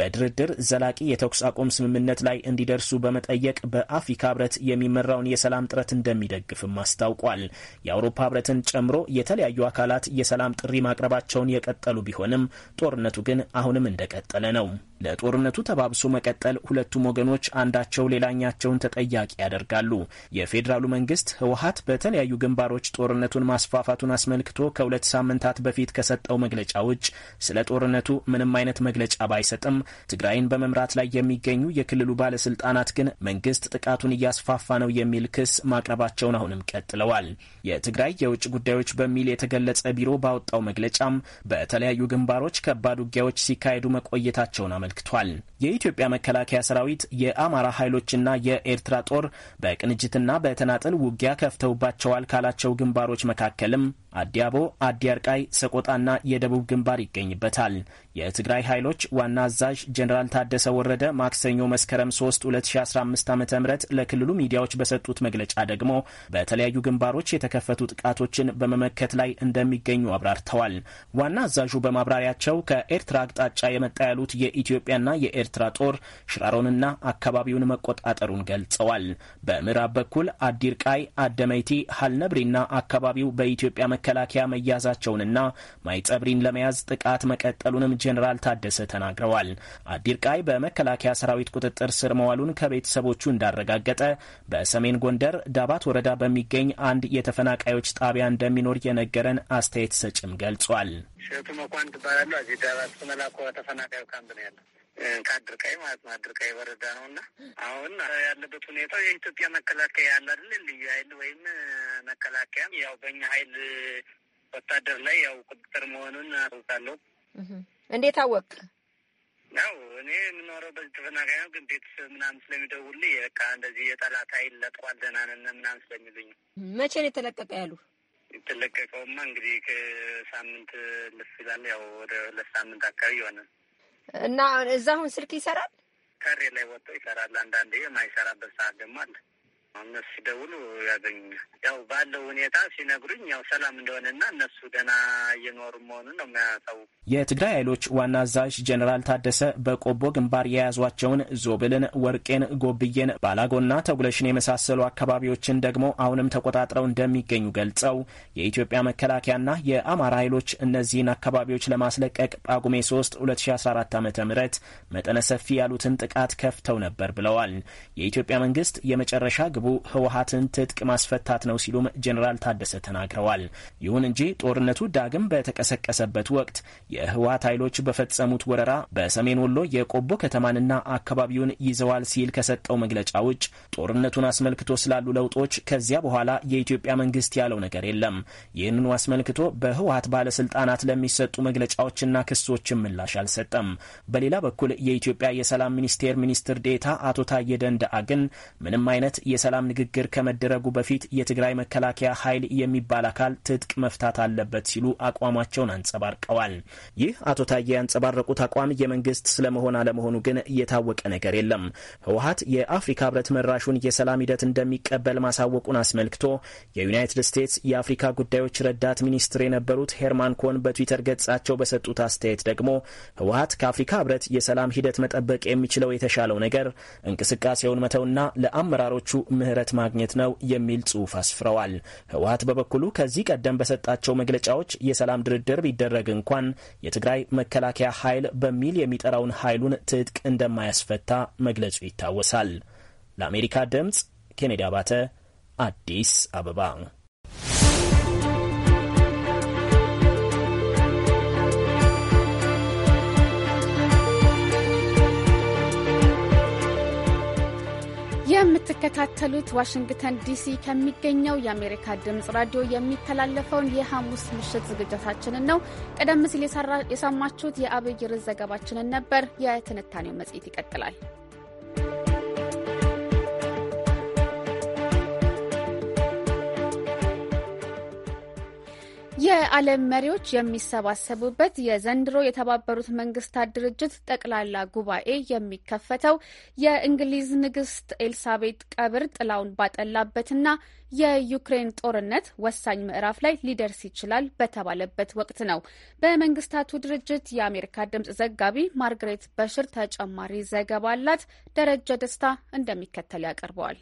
በድርድር ዘላቂ የተኩስ አቁም ስምምነት ላይ እንዲደርሱ በመጠየቅ በአፍሪካ ህብረት የሚመራውን የሰላም ጥረት እንደሚደግፍም አስታውቋል። የአውሮፓ ህብረትን ጨምሮ የተለያዩ አካላት የሰላም ጥሪ ማቅረባቸውን የቀጠሉ ቢሆንም ጦርነቱ ግን አሁንም እንደቀጠለ ነው። ለጦርነቱ ተባብሶ መቀጠል ሁለቱም ወገኖች አንዳቸው ሌላኛቸውን ተጠያቂ ያደርጋሉ። የፌዴራሉ መንግስት ህወሀት በተለያዩ ግንባሮች ጦርነቱን ማስፋፋቱን አስመልክቶ ከሁለት ሳምንታት በፊት ከሰጠው መግለጫ ውጭ ስለ ጦርነቱ ምንም አይነት መግለጫ ባይሰጥም ትግራይን በመምራት ላይ የሚገኙ የክልሉ ባለስልጣናት ግን መንግስት ጥቃቱን እያስፋፋ ነው የሚል ክስ ማቅረባቸውን አሁንም ቀጥለዋል። የትግራይ የውጭ ጉዳዮች በሚል የተገለጸ ቢሮ ባወጣው መግለጫም በተለያዩ ግንባሮች ከባድ ውጊያዎች ሲካሄዱ መቆየታቸውን አመልክ አመልክቷል። የኢትዮጵያ መከላከያ ሰራዊት የአማራ ኃይሎችና የኤርትራ ጦር በቅንጅትና በተናጠል ውጊያ ከፍተውባቸዋል ካላቸው ግንባሮች መካከልም አዲያቦ፣ አዲያርቃይ፣ ሰቆጣና የደቡብ ግንባር ይገኝበታል። የትግራይ ኃይሎች ዋና አዛዥ ጀኔራል ታደሰ ወረደ ማክሰኞ መስከረም 3 2015 ዓ ም ለክልሉ ሚዲያዎች በሰጡት መግለጫ ደግሞ በተለያዩ ግንባሮች የተከፈቱ ጥቃቶችን በመመከት ላይ እንደሚገኙ አብራርተዋል። ዋና አዛዡ በማብራሪያቸው ከኤርትራ አቅጣጫ የመጣ ያሉት የኢትዮጵያና የኤርትራ የኤርትራ ጦር ሽራሮንና አካባቢውን መቆጣጠሩን ገልጸዋል። በምዕራብ በኩል አዲርቃይ፣ አደመይቲ፣ ሀልነብሪና አካባቢው በኢትዮጵያ መከላከያ መያዛቸውንና ማይጸብሪን ለመያዝ ጥቃት መቀጠሉንም ጄኔራል ታደሰ ተናግረዋል። አዲርቃይ በመከላከያ ሰራዊት ቁጥጥር ስር መዋሉን ከቤተሰቦቹ እንዳረጋገጠ በሰሜን ጎንደር ዳባት ወረዳ በሚገኝ አንድ የተፈናቃዮች ጣቢያ እንደሚኖር የነገረን አስተያየት ሰጭም ገልጿል። ሸቱ መኳን ትባላለሁ። እዚህ ዳባት መላኮ ተፈናቃዩ ካምፕ ነው ያለው። ከአድርቃይ ማለት ነው። አድርቃይ በረዳ ነው እና አሁን ያለበት ሁኔታው የኢትዮጵያ መከላከያ ያለ አይደል ልዩ ኃይል ወይም መከላከያ ያው በእኛ ኃይል ወታደር ላይ ያው ቁጥጥር መሆኑን አውቃለሁ። እንዴት አወቅ? ያው እኔ የምኖረው በዚህ ተፈናቃይ ነው፣ ግን ቤተሰብ ምናምን ስለሚደውልኝ በቃ እንደዚህ የጠላት ኃይል ለጥቋል ደህና ነን ምናምን ስለሚሉኝ። መቼ ነው የተለቀቀ ያሉ? የተለቀቀውማ እንግዲህ ከሳምንት ልፍ ይላል ያው ወደ ሁለት ሳምንት አካባቢ ይሆናል። እና እዛ አሁን ስልክ ይሰራል። ከሬ ላይ ወጥቶ ይሰራል። አንዳንዴ የማይሰራበት ሰዓት ደግሞ አለ። እነሱ ሲደውሉ ያገኙኛል። ያው ባለው ሁኔታ ሲነግሩኝ ያው ሰላም እንደሆነና እነሱ ደህና እየኖሩ መሆኑን ነው የሚያሳው። የትግራይ ኃይሎች ዋና አዛዥ ጀኔራል ታደሰ በቆቦ ግንባር የያዟቸውን ዞብልን፣ ወርቄን፣ ጎብዬን፣ ባላጎና ተጉለሽን የመሳሰሉ አካባቢዎችን ደግሞ አሁንም ተቆጣጥረው እንደሚገኙ ገልጸው የኢትዮጵያ መከላከያና የአማራ ኃይሎች እነዚህን አካባቢዎች ለማስለቀቅ ጳጉሜ 3 2014 ዓ ም መጠነ ሰፊ ያሉትን ጥቃት ከፍተው ነበር ብለዋል። የኢትዮጵያ መንግስት የመጨረሻ ግ ግብ ህወሀትን ትጥቅ ማስፈታት ነው ሲሉም ጀኔራል ታደሰ ተናግረዋል። ይሁን እንጂ ጦርነቱ ዳግም በተቀሰቀሰበት ወቅት የህወሀት ኃይሎች በፈጸሙት ወረራ በሰሜን ወሎ የቆቦ ከተማንና አካባቢውን ይዘዋል ሲል ከሰጠው መግለጫ ውጭ ጦርነቱን አስመልክቶ ስላሉ ለውጦች ከዚያ በኋላ የኢትዮጵያ መንግስት ያለው ነገር የለም። ይህንኑ አስመልክቶ በህወሀት ባለስልጣናት ለሚሰጡ መግለጫዎችና ክሶችን ምላሽ አልሰጠም። በሌላ በኩል የኢትዮጵያ የሰላም ሚኒስቴር ሚኒስትር ዴታ አቶ ታዬ ደንደአ ግን ምንም አይነት የሰላም የሰላም ንግግር ከመደረጉ በፊት የትግራይ መከላከያ ኃይል የሚባል አካል ትጥቅ መፍታት አለበት ሲሉ አቋማቸውን አንጸባርቀዋል። ይህ አቶ ታዬ ያንጸባረቁት አቋም የመንግስት ስለመሆን አለመሆኑ ግን የታወቀ ነገር የለም። ህወሀት የአፍሪካ ህብረት መራሹን የሰላም ሂደት እንደሚቀበል ማሳወቁን አስመልክቶ የዩናይትድ ስቴትስ የአፍሪካ ጉዳዮች ረዳት ሚኒስትር የነበሩት ሄርማን ኮን በትዊተር ገጻቸው በሰጡት አስተያየት ደግሞ ህወሀት ከአፍሪካ ህብረት የሰላም ሂደት መጠበቅ የሚችለው የተሻለው ነገር እንቅስቃሴውን መተውና ለአመራሮቹ ምህረት ማግኘት ነው የሚል ጽሑፍ አስፍረዋል። ህወሀት በበኩሉ ከዚህ ቀደም በሰጣቸው መግለጫዎች የሰላም ድርድር ቢደረግ እንኳን የትግራይ መከላከያ ኃይል በሚል የሚጠራውን ኃይሉን ትጥቅ እንደማያስፈታ መግለጹ ይታወሳል። ለአሜሪካ ድምፅ ኬኔዲ አባተ አዲስ አበባ የምትከታተሉት ዋሽንግተን ዲሲ ከሚገኘው የአሜሪካ ድምፅ ራዲዮ የሚተላለፈውን የሐሙስ ምሽት ዝግጅታችንን ነው። ቀደም ሲል የሰማችሁት የአብይርን ዘገባችንን ነበር። የትንታኔው መጽሔት ይቀጥላል። የዓለም መሪዎች የሚሰባሰቡበት የዘንድሮ የተባበሩት መንግስታት ድርጅት ጠቅላላ ጉባኤ የሚከፈተው የእንግሊዝ ንግስት ኤልሳቤጥ ቀብር ጥላውን ባጠላበትና የዩክሬን ጦርነት ወሳኝ ምዕራፍ ላይ ሊደርስ ይችላል በተባለበት ወቅት ነው። በመንግስታቱ ድርጅት የአሜሪካ ድምጽ ዘጋቢ ማርግሬት በሽር ተጨማሪ ዘገባ አላት። ደረጀ ደስታ እንደሚከተል ያቀርበዋል።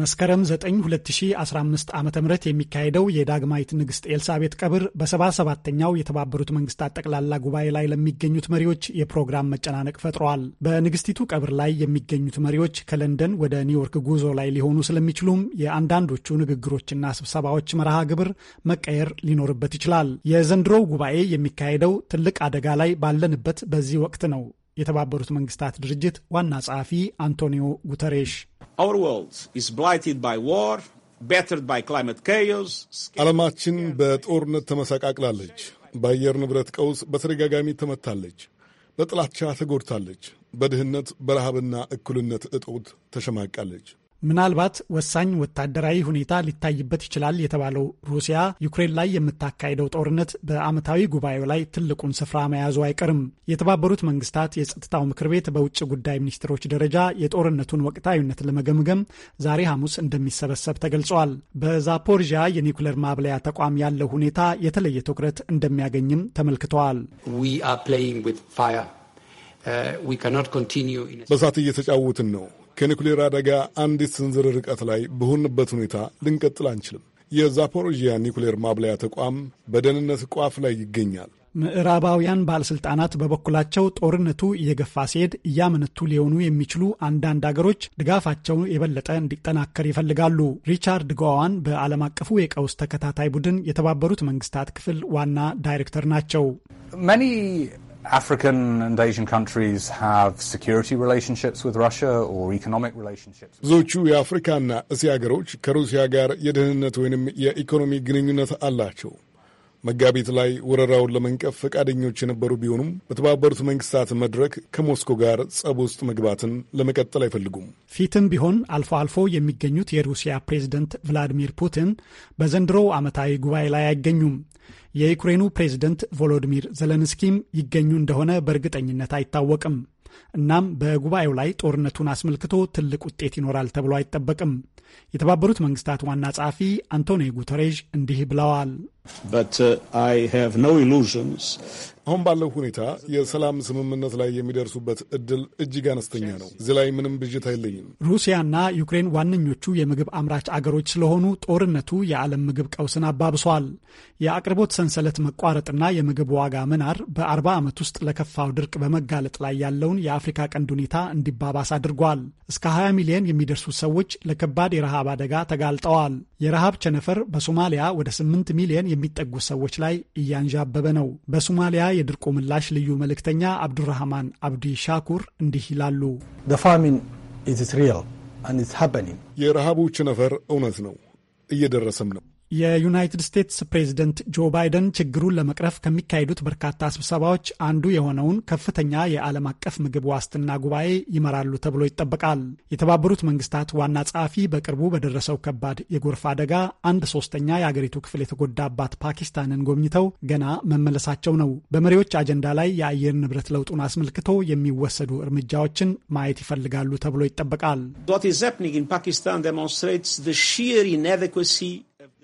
መስከረም 9 2015 ዓ ም የሚካሄደው የዳግማዊት ንግሥት ኤልሳቤጥ ቀብር በ 77 የተባበሩት መንግስታት ጠቅላላ ጉባኤ ላይ ለሚገኙት መሪዎች የፕሮግራም መጨናነቅ ፈጥረዋል። በንግስቲቱ ቀብር ላይ የሚገኙት መሪዎች ከለንደን ወደ ኒውዮርክ ጉዞ ላይ ሊሆኑ ስለሚችሉም የአንዳንዶቹ ንግግሮችና ስብሰባዎች መርሃ ግብር መቀየር ሊኖርበት ይችላል። የዘንድሮው ጉባኤ የሚካሄደው ትልቅ አደጋ ላይ ባለንበት በዚህ ወቅት ነው የተባበሩት መንግስታት ድርጅት ዋና ጸሐፊ አንቶኒዮ ጉተሬሽ ዓለማችን በጦርነት ተመሰቃቅላለች። በአየር ንብረት ቀውስ በተደጋጋሚ ተመታለች። በጥላቻ ተጎድታለች። በድህነት በረሃብና እኩልነት እጦት ተሸማቃለች። ምናልባት ወሳኝ ወታደራዊ ሁኔታ ሊታይበት ይችላል የተባለው ሩሲያ ዩክሬን ላይ የምታካሄደው ጦርነት በዓመታዊ ጉባኤው ላይ ትልቁን ስፍራ መያዙ አይቀርም። የተባበሩት መንግስታት የጸጥታው ምክር ቤት በውጭ ጉዳይ ሚኒስትሮች ደረጃ የጦርነቱን ወቅታዊነት ለመገምገም ዛሬ ሐሙስ እንደሚሰበሰብ ተገልጿል። በዛፖርዣ የኒውክለር ማብለያ ተቋም ያለው ሁኔታ የተለየ ትኩረት እንደሚያገኝም ተመልክተዋል። uh, በሳት እየተጫወትን ነው ከኒኩሌር አደጋ አንዲት ስንዝር ርቀት ላይ በሆንበት ሁኔታ ልንቀጥል አንችልም። የዛፖሮዥያ ኒኩሌር ማብለያ ተቋም በደህንነት ቋፍ ላይ ይገኛል። ምዕራባውያን ባለስልጣናት በበኩላቸው ጦርነቱ እየገፋ ሲሄድ እያመነቱ ሊሆኑ የሚችሉ አንዳንድ አገሮች ድጋፋቸው የበለጠ እንዲጠናከር ይፈልጋሉ። ሪቻርድ ጎዋን በዓለም አቀፉ የቀውስ ተከታታይ ቡድን የተባበሩት መንግስታት ክፍል ዋና ዳይሬክተር ናቸው። ብዙዎቹ የአፍሪካና እስያ ሀገሮች ከሩሲያ ጋር የደህንነት ወይንም የኢኮኖሚ ግንኙነት አላቸው። መጋቢት ላይ ወረራውን ለመንቀፍ ፈቃደኞች የነበሩ ቢሆኑም በተባበሩት መንግስታት መድረክ ከሞስኮ ጋር ጸብ ውስጥ መግባትን ለመቀጠል አይፈልጉም። ፊትም ቢሆን አልፎ አልፎ የሚገኙት የሩሲያ ፕሬዝደንት ቭላዲሚር ፑቲን በዘንድሮው ዓመታዊ ጉባኤ ላይ አይገኙም። የዩክሬኑ ፕሬዝደንት ቮሎዲሚር ዘለንስኪም ይገኙ እንደሆነ በእርግጠኝነት አይታወቅም። እናም በጉባኤው ላይ ጦርነቱን አስመልክቶ ትልቅ ውጤት ይኖራል ተብሎ አይጠበቅም። የተባበሩት መንግስታት ዋና ጸሐፊ አንቶኒዮ ጉተሬዥ እንዲህ ብለዋል። Uh, አሁን ባለው ሁኔታ የሰላም ስምምነት ላይ የሚደርሱበት እድል እጅግ አነስተኛ ነው። እዚህ ላይ ምንም ብዥት አይለኝም። ሩሲያና ዩክሬን ዋነኞቹ የምግብ አምራች አገሮች ስለሆኑ ጦርነቱ የዓለም ምግብ ቀውስን አባብሷል። የአቅርቦት ሰንሰለት መቋረጥና የምግብ ዋጋ መናር በአርባ ዓመት ውስጥ ለከፋው ድርቅ በመጋለጥ ላይ ያለውን የአፍሪካ ቀንድ ሁኔታ እንዲባባስ አድርጓል። እስከ 20 ሚሊዮን የሚደርሱ ሰዎች ለከባድ የረሃብ አደጋ ተጋልጠዋል። የረሃብ ቸነፈር በሶማሊያ ወደ 8 ሚሊዮን የሚጠጉ ሰዎች ላይ እያንዣበበ ነው። በሶማሊያ የድርቁ ምላሽ ልዩ መልእክተኛ አብዱራህማን አብዲ ሻኩር እንዲህ ይላሉ። የረሃቡ ቸነፈር እውነት ነው፣ እየደረሰም ነው። የዩናይትድ ስቴትስ ፕሬዝደንት ጆ ባይደን ችግሩን ለመቅረፍ ከሚካሄዱት በርካታ ስብሰባዎች አንዱ የሆነውን ከፍተኛ የዓለም አቀፍ ምግብ ዋስትና ጉባኤ ይመራሉ ተብሎ ይጠበቃል። የተባበሩት መንግስታት ዋና ጸሐፊ በቅርቡ በደረሰው ከባድ የጎርፍ አደጋ አንድ ሶስተኛ የአገሪቱ ክፍል የተጎዳባት ፓኪስታንን ጎብኝተው ገና መመለሳቸው ነው። በመሪዎች አጀንዳ ላይ የአየር ንብረት ለውጡን አስመልክቶ የሚወሰዱ እርምጃዎችን ማየት ይፈልጋሉ ተብሎ ይጠበቃል።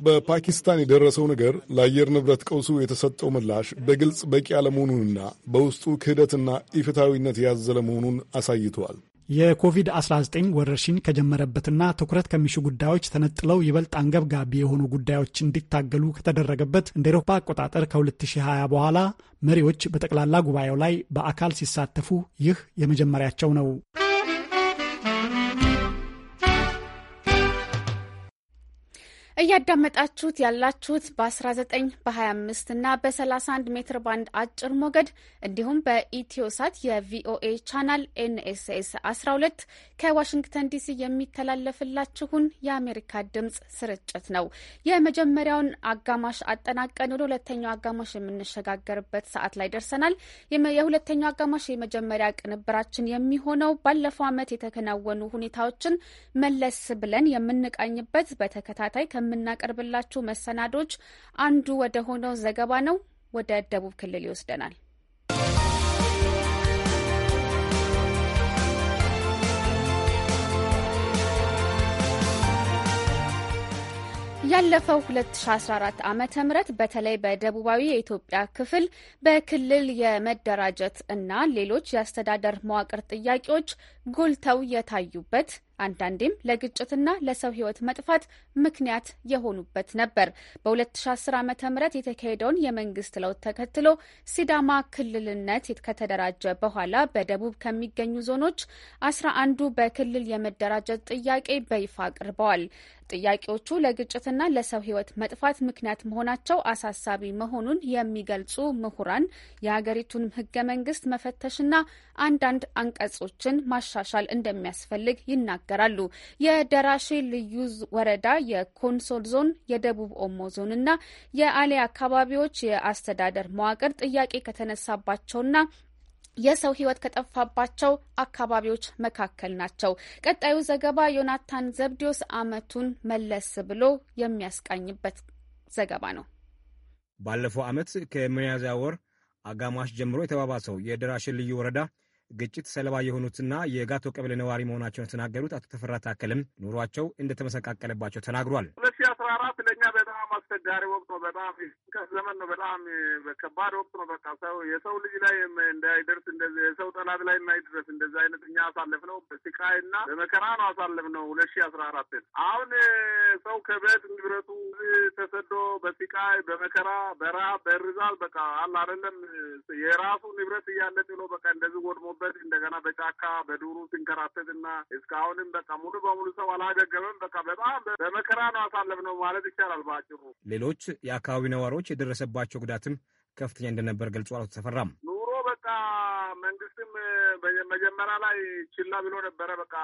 በፓኪስታን የደረሰው ነገር ለአየር ንብረት ቀውሱ የተሰጠው ምላሽ በግልጽ በቂ አለመሆኑንና በውስጡ ክህደትና ኢፍታዊነት ያዘለ መሆኑን አሳይተዋል። የኮቪድ-19 ወረርሽኝ ከጀመረበትና ትኩረት ከሚሹ ጉዳዮች ተነጥለው ይበልጥ አንገብጋቢ የሆኑ ጉዳዮች እንዲታገሉ ከተደረገበት እንደ ኤሮፓ አቆጣጠር ከ2020 በኋላ መሪዎች በጠቅላላ ጉባኤው ላይ በአካል ሲሳተፉ ይህ የመጀመሪያቸው ነው። እያዳመጣችሁት ያላችሁት በ19 በ25 እና በ31 ሜትር ባንድ አጭር ሞገድ እንዲሁም በኢትዮሳት የቪኦኤ ቻናል ኤንኤስኤስ 12 ከዋሽንግተን ዲሲ የሚተላለፍላችሁን የአሜሪካ ድምፅ ስርጭት ነው። የመጀመሪያውን አጋማሽ አጠናቀን ወደ ሁለተኛው አጋማሽ የምንሸጋገርበት ሰዓት ላይ ደርሰናል። የሁለተኛው አጋማሽ የመጀመሪያ ቅንብራችን የሚሆነው ባለፈው ዓመት የተከናወኑ ሁኔታዎችን መለስ ብለን የምንቃኝበት በተከታታይ ከምናቀርብላችሁ መሰናዶች አንዱ ወደ ሆነው ዘገባ ነው። ወደ ደቡብ ክልል ይወስደናል። ያለፈው 2014 ዓመተ ምህረት በተለይ በደቡባዊ የኢትዮጵያ ክፍል በክልል የመደራጀት እና ሌሎች የአስተዳደር መዋቅር ጥያቄዎች ጎልተው የታዩበት አንዳንዴም ለግጭትና ለሰው ህይወት መጥፋት ምክንያት የሆኑበት ነበር። በ2010 ዓ ም የተካሄደውን የመንግስት ለውጥ ተከትሎ ሲዳማ ክልልነት ከተደራጀ በኋላ በደቡብ ከሚገኙ ዞኖች አስራ አንዱ በክልል የመደራጀት ጥያቄ በይፋ አቅርበዋል። ጥያቄዎቹ ለግጭትና ለሰው ህይወት መጥፋት ምክንያት መሆናቸው አሳሳቢ መሆኑን የሚገልጹ ምሁራን የሀገሪቱን ህገ መንግስት መፈተሽና አንዳንድ አንቀጾችን ማሻሻል እንደሚያስፈልግ ይናገራል ይናገራሉ። የደራሼ ልዩ ወረዳ፣ የኮንሶል ዞን፣ የደቡብ ኦሞ ዞን ና የአሌ አካባቢዎች የአስተዳደር መዋቅር ጥያቄ ከተነሳባቸውና የሰው ሕይወት ከጠፋባቸው አካባቢዎች መካከል ናቸው። ቀጣዩ ዘገባ ዮናታን ዘብዲዮስ ዓመቱን መለስ ብሎ የሚያስቃኝበት ዘገባ ነው። ባለፈው ዓመት ከሚያዝያ ወር አጋማሽ ጀምሮ የተባባሰው የደራሽን ልዩ ወረዳ ግጭት ሰለባ የሆኑትና የጋቶ ቀበሌ ነዋሪ መሆናቸውን የተናገሩት አቶ ተፈራ ታከልም ኑሯቸው እንደተመሰቃቀለባቸው ተናግሯል። ሁለት አስራ አራት ለእኛ በጣም አስቸጋሪ ወቅት ነው። በጣም ዘመን ነው። በጣም ከባድ ወቅት ነው። በቃ ሰው የሰው ልጅ ላይ እንዳይደርስ የሰው ጠላት ላይ እንዳይደረስ እንደዚህ አይነት እኛ ነው በስቃይ እና በመከራ ነው ነው ሁለት ሺ አስራ አራትን አሁን ሰው ከቤት ንብረቱ ተሰዶ በስቃይ በመከራ በረሀብ በርዛል በቃ አለ አደለም የራሱ ንብረት እያለ ጥሎ በቃ እንደዚህ ወድሞበት እንደገና በጫካ በዱሩ ሲንከራተት እና እስካሁንም በቃ ሙሉ በሙሉ ሰው አላገገመም። በቃ በጣም በመከራ ነው ነው። ነው ማለት ይቻላል በአጭሩ። ሌሎች የአካባቢ ነዋሪዎች የደረሰባቸው ጉዳትም ከፍተኛ እንደነበር ገልጿል። አቶ ተፈራም በቃ መንግስትም መጀመሪያ ላይ ችላ ብሎ ነበረ። በቃ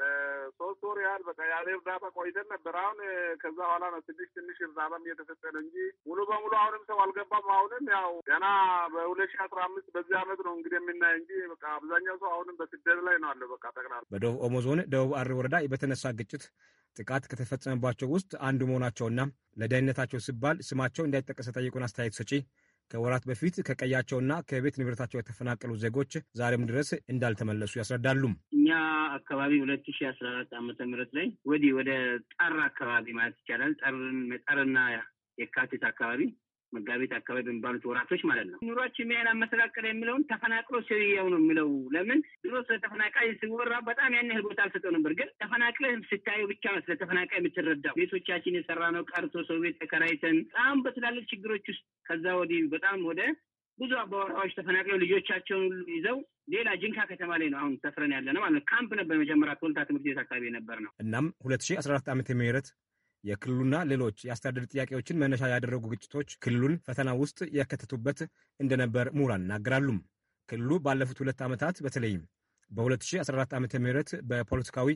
ለሶስት ወር ያህል በቃ ያለ እርዳታ ቆይተን ነበር። አሁን ከዛ በኋላ ነው ትንሽ ትንሽ እርዳታም እየተሰጠ ነው እንጂ ሙሉ በሙሉ አሁንም ሰው አልገባም። አሁንም ያው ገና በሁለት ሺ አስራ አምስት በዚህ አመት ነው እንግዲህ የምናየ እንጂ በቃ አብዛኛው ሰው አሁንም በስደት ላይ ነው አለው። በቃ ጠቅላላ በደቡብ ኦሞ ዞን ደቡብ አሪ ወረዳ በተነሳ ግጭት ጥቃት ከተፈጸመባቸው ውስጥ አንዱ መሆናቸውና ለደህንነታቸው ሲባል ስማቸው እንዳይጠቀስ ጠይቁን አስተያየት ሰጪ ከወራት በፊት ከቀያቸውና ከቤት ንብረታቸው የተፈናቀሉ ዜጎች ዛሬም ድረስ እንዳልተመለሱ ያስረዳሉ። እኛ አካባቢ ሁለት ሺ አስራ አራት ዓመተ ምህረት ላይ ወዲህ ወደ ጠር አካባቢ ማለት ይቻላል ጠርና የካቲት አካባቢ መጋቢት አካባቢ በሚባሉት ወራቶች ማለት ነው። ኑሯችን ምን ያህል አመሰቃቀለ የሚለውን ተፈናቅሎ ሰውየው ነው የሚለው። ለምን ድሮ ስለ ሲወራ በጣም ያን ያህል ቦታ አልሰጠው ነበር፣ ግን ተፈናቅለህ ስታየው ብቻ ነው ስለ የምትረዳው። ቤቶቻችን የሰራ ነው ቀርቶ ሰው ቤት ተከራይተን በጣም በትላልቅ ችግሮች ውስጥ ከዛ ወዲህ በጣም ወደ ብዙ አባወራዎች ተፈናቅለው ልጆቻቸውን ሁሉ ይዘው ሌላ ጅንካ ከተማ ላይ ነው አሁን ሰፍረን ያለ ነው ማለት ነው። ካምፕ ነበር መጀመሪያ ቶልታ ትምህርት ቤት አካባቢ ነበር ነው። እናም ሁለት ሺ አስራ አራት ዓመተ ምህረት የክልሉና ሌሎች የአስተዳደር ጥያቄዎችን መነሻ ያደረጉ ግጭቶች ክልሉን ፈተና ውስጥ ያከተቱበት እንደነበር ምሁራን ይናገራሉ። ክልሉ ባለፉት ሁለት ዓመታት በተለይም በ2014 ዓ ም በፖለቲካዊ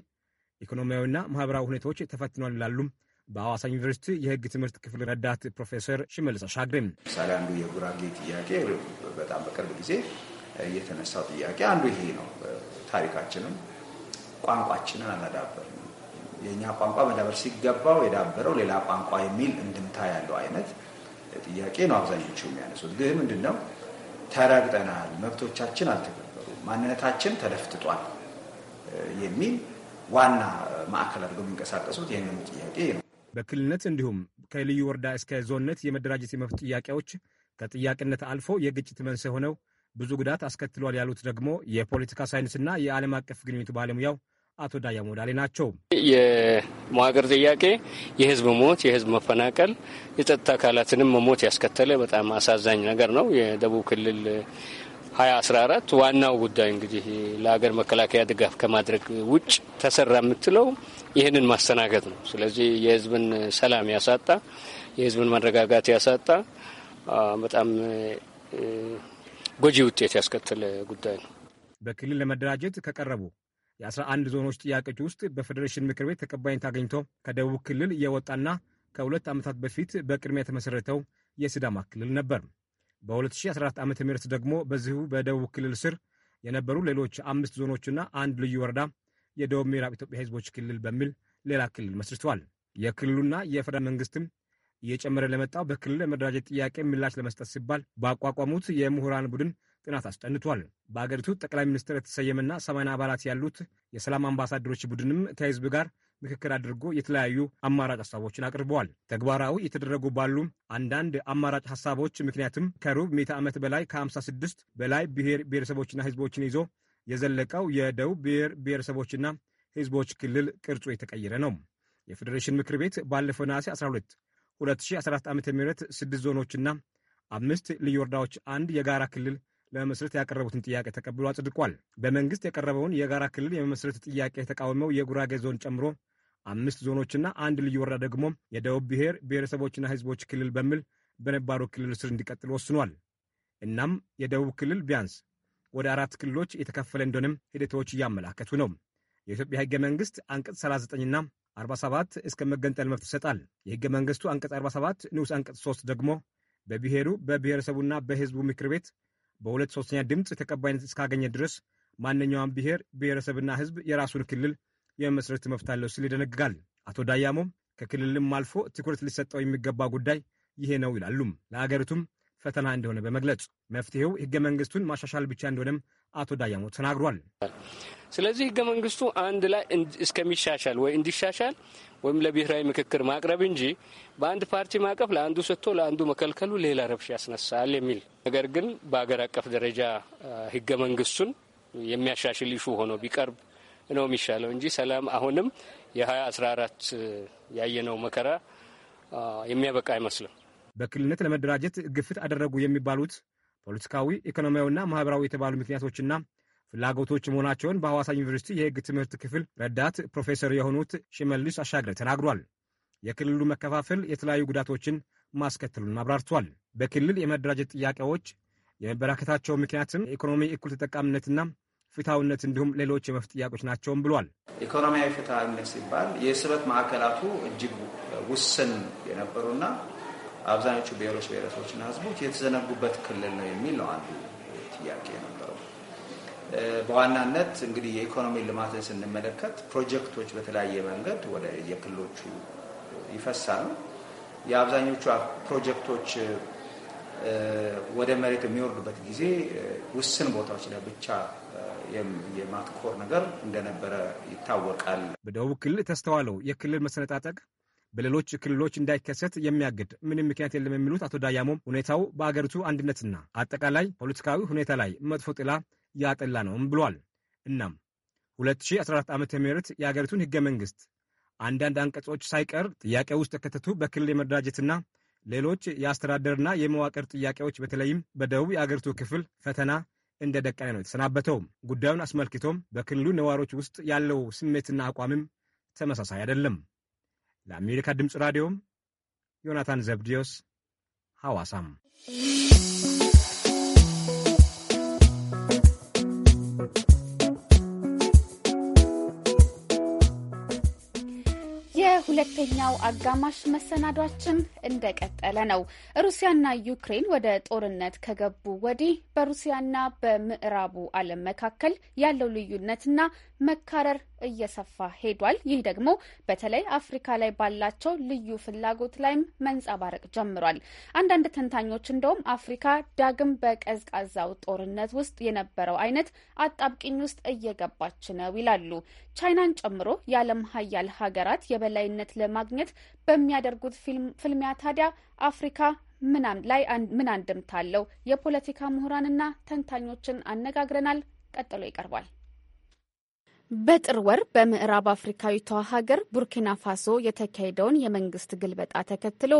ኢኮኖሚያዊና ማህበራዊ ሁኔታዎች ተፈትኗል ይላሉ በሐዋሳ ዩኒቨርሲቲ የሕግ ትምህርት ክፍል ረዳት ፕሮፌሰር ሽመልስ አሻግሬም። ምሳሌ አንዱ የጉራጌ ጥያቄ በጣም በቅርብ ጊዜ የተነሳው ጥያቄ አንዱ ይሄ ነው። ታሪካችንም ቋንቋችንን አናዳበር የእኛ ቋንቋ መዳበር ሲገባው የዳበረው ሌላ ቋንቋ የሚል እንድምታ ያለው አይነት ጥያቄ ነው አብዛኞቹ የሚያነሱት። ግን ምንድን ነው ተረግጠናል፣ መብቶቻችን አልተከበሩም፣ ማንነታችን ተደፍትጧል የሚል ዋና ማዕከል አድርገው የሚንቀሳቀሱት ይህንን ጥያቄ ነው። በክልልነት እንዲሁም ከልዩ ወረዳ እስከ ዞንነት የመደራጀት የመብት ጥያቄዎች ከጥያቄነት አልፎ የግጭት መንስኤ ሆነው ብዙ ጉዳት አስከትሏል ያሉት ደግሞ የፖለቲካ ሳይንስና የዓለም አቀፍ ግንኙነት ባለሙያው አቶ ዳያ ሞዳሌ ናቸው። የመዋቅር ጥያቄ የህዝብ ሞት፣ የህዝብ መፈናቀል፣ የጸጥታ አካላትንም መሞት ያስከተለ በጣም አሳዛኝ ነገር ነው። የደቡብ ክልል ሀያ አስራ አራት ዋናው ጉዳይ እንግዲህ ለሀገር መከላከያ ድጋፍ ከማድረግ ውጭ ተሰራ የምትለው ይህንን ማስተናገድ ነው። ስለዚህ የህዝብን ሰላም ያሳጣ፣ የህዝብን መረጋጋት ያሳጣ በጣም ጎጂ ውጤት ያስከተለ ጉዳይ ነው። በክልል ለመደራጀት ከቀረቡ የአስራ አንድ ዞኖች ጥያቄዎች ውስጥ በፌዴሬሽን ምክር ቤት ተቀባይነት አግኝቶ ከደቡብ ክልል የወጣና ከሁለት ዓመታት በፊት በቅድሚያ የተመሠረተው የሲዳማ ክልል ነበር። በ2014 ዓ ም ደግሞ በዚሁ በደቡብ ክልል ስር የነበሩ ሌሎች አምስት ዞኖችና አንድ ልዩ ወረዳ የደቡብ ምዕራብ ኢትዮጵያ ህዝቦች ክልል በሚል ሌላ ክልል መስርተዋል። የክልሉና የፌደራል መንግስትም እየጨመረ ለመጣው በክልል የመደራጀት ጥያቄ ምላሽ ለመስጠት ሲባል ባቋቋሙት የምሁራን ቡድን ጥናት አስጠንቷል። በአገሪቱ ጠቅላይ ሚኒስትር የተሰየመና ሰማንያ አባላት ያሉት የሰላም አምባሳደሮች ቡድንም ከህዝብ ጋር ምክክር አድርጎ የተለያዩ አማራጭ ሀሳቦችን አቅርበዋል። ተግባራዊ የተደረጉ ባሉ አንዳንድ አማራጭ ሀሳቦች ምክንያትም ከሩብ ምዕተ ዓመት በላይ ከ56 በላይ ብሔር ብሔረሰቦችና ህዝቦችን ይዞ የዘለቀው የደቡብ ብሔር ብሔረሰቦችና ህዝቦች ክልል ቅርጹ የተቀየረ ነው። የፌዴሬሽን ምክር ቤት ባለፈው ነሐሴ 12 2014 ዓ ም ስድስት ዞኖችና አምስት ልዩ ወረዳዎች አንድ የጋራ ክልል ለመመስረት ያቀረቡትን ጥያቄ ተቀብሎ አጽድቋል። በመንግስት የቀረበውን የጋራ ክልል የመመስረት ጥያቄ የተቃወመው የጉራጌ ዞን ጨምሮ አምስት ዞኖችና አንድ ልዩ ወረዳ ደግሞ የደቡብ ብሔር ብሔረሰቦችና ህዝቦች ክልል በሚል በነባሩ ክልል ስር እንዲቀጥል ወስኗል። እናም የደቡብ ክልል ቢያንስ ወደ አራት ክልሎች የተከፈለ እንደሆነም ሂደቶች እያመላከቱ ነው። የኢትዮጵያ ህገ መንግስት አንቀጽ 39ና 47 እስከ መገንጠል መብት ይሰጣል። የህገ መንግስቱ አንቀጽ 47 ንዑስ አንቀጽ 3 ደግሞ በብሔሩ በብሔረሰቡና በሕዝቡ ምክር ቤት በሁለት ሶስተኛ ድምፅ ተቀባይነት እስካገኘ ድረስ ማንኛውም ብሔር ብሔረሰብና ህዝብ የራሱን ክልል የመስረት መብት አለው ሲል ይደነግጋል። አቶ ዳያሞም ከክልልም አልፎ ትኩረት ሊሰጠው የሚገባ ጉዳይ ይሄ ነው ይላሉም። ለሀገሪቱም ፈተና እንደሆነ በመግለጽ መፍትሄው ህገ መንግስቱን ማሻሻል ብቻ እንደሆነም አቶ ዳያሞ ተናግሯል። ስለዚህ ህገ መንግስቱ አንድ ላይ እስከሚሻሻል ወይ እንዲሻሻል ወይም ለብሔራዊ ምክክር ማቅረብ እንጂ በአንድ ፓርቲ ማዕቀፍ ለአንዱ ሰጥቶ ለአንዱ መከልከሉ ሌላ ረብሽ ያስነሳል የሚል ነገር ግን በሀገር አቀፍ ደረጃ ህገ መንግስቱን የሚያሻሽል ይሹ ሆኖ ቢቀርብ ነው የሚሻለው እንጂ ሰላም አሁንም የ አስራ ያየነው መከራ የሚያበቃ አይመስልም። በክልልነት ለመደራጀት ግፊት አደረጉ የሚባሉት ፖለቲካዊ፣ ኢኮኖሚያዊና ማህበራዊ የተባሉ ምክንያቶችና ፍላጎቶች መሆናቸውን በሐዋሳ ዩኒቨርሲቲ የህግ ትምህርት ክፍል ረዳት ፕሮፌሰር የሆኑት ሽመልስ አሻግረ ተናግሯል። የክልሉ መከፋፈል የተለያዩ ጉዳቶችን ማስከተሉን አብራርቷል። በክልል የመደራጀት ጥያቄዎች የመበራከታቸው ምክንያትም የኢኮኖሚ እኩል ተጠቃሚነትና ፍትሐዊነት እንዲሁም ሌሎች የመፍት ጥያቄዎች ናቸውም ብሏል። ኢኮኖሚያዊ ፍትሐዊነት ሲባል የስበት ማዕከላቱ እጅግ ውስን የነበሩና አብዛኞቹ ብሔሮች ብሔረሰቦችና ህዝቦች የተዘነጉበት ክልል ነው የሚል ነው አንዱ ጥያቄ የነበረው። በዋናነት እንግዲህ የኢኮኖሚ ልማትን ስንመለከት ፕሮጀክቶች በተለያየ መንገድ ወደ የክልሎቹ ይፈሳሉ። የአብዛኞቹ ፕሮጀክቶች ወደ መሬት የሚወርዱበት ጊዜ ውስን ቦታዎች ላይ ብቻ የማትኮር ነገር እንደነበረ ይታወቃል። በደቡብ ክልል የተስተዋለው የክልል መሰነጣጠቅ በሌሎች ክልሎች እንዳይከሰት የሚያግድ ምንም ምክንያት የለም የሚሉት አቶ ዳያሞ ሁኔታው በአገሪቱ አንድነትና አጠቃላይ ፖለቲካዊ ሁኔታ ላይ መጥፎ ጥላ ያጠላ ነውም ብሏል። እናም 2014 ዓ ም የአገሪቱን ህገ መንግስት አንዳንድ አንቀጾች ሳይቀር ጥያቄ ውስጥ ተከተቱ በክልል የመደራጀትና ሌሎች የአስተዳደርና የመዋቅር ጥያቄዎች በተለይም በደቡብ የአገሪቱ ክፍል ፈተና ደቀነ ነው የተሰናበተው። ጉዳዩን አስመልክቶም በክልሉ ነዋሪዎች ውስጥ ያለው ስሜትና አቋምም ተመሳሳይ አይደለም። ለአሜሪካ ድምፅ ራዲዮም ዮናታን ዘብዲዮስ ሐዋሳም። ሁለተኛው አጋማሽ መሰናዷችን እንደቀጠለ ነው። ሩሲያና ዩክሬን ወደ ጦርነት ከገቡ ወዲህ በሩሲያና በምዕራቡ ዓለም መካከል ያለው ልዩነትና መካረር እየሰፋ ሄዷል። ይህ ደግሞ በተለይ አፍሪካ ላይ ባላቸው ልዩ ፍላጎት ላይም መንጸባረቅ ጀምሯል። አንዳንድ ተንታኞች እንደውም አፍሪካ ዳግም በቀዝቃዛው ጦርነት ውስጥ የነበረው አይነት አጣብቂኝ ውስጥ እየገባች ነው ይላሉ። ቻይናን ጨምሮ የዓለም ሀያል ሀገራት የበላይነት ለማግኘት በሚያደርጉት ፍልሚያ ታዲያ አፍሪካ ምናም ላይ ምን አንድምታ አለው? የፖለቲካ ምሁራንና ተንታኞችን አነጋግረናል። ቀጥሎ ይቀርባል። በጥር ወር በምዕራብ አፍሪካዊቷ ሀገር ቡርኪና ፋሶ የተካሄደውን የመንግስት ግልበጣ ተከትሎ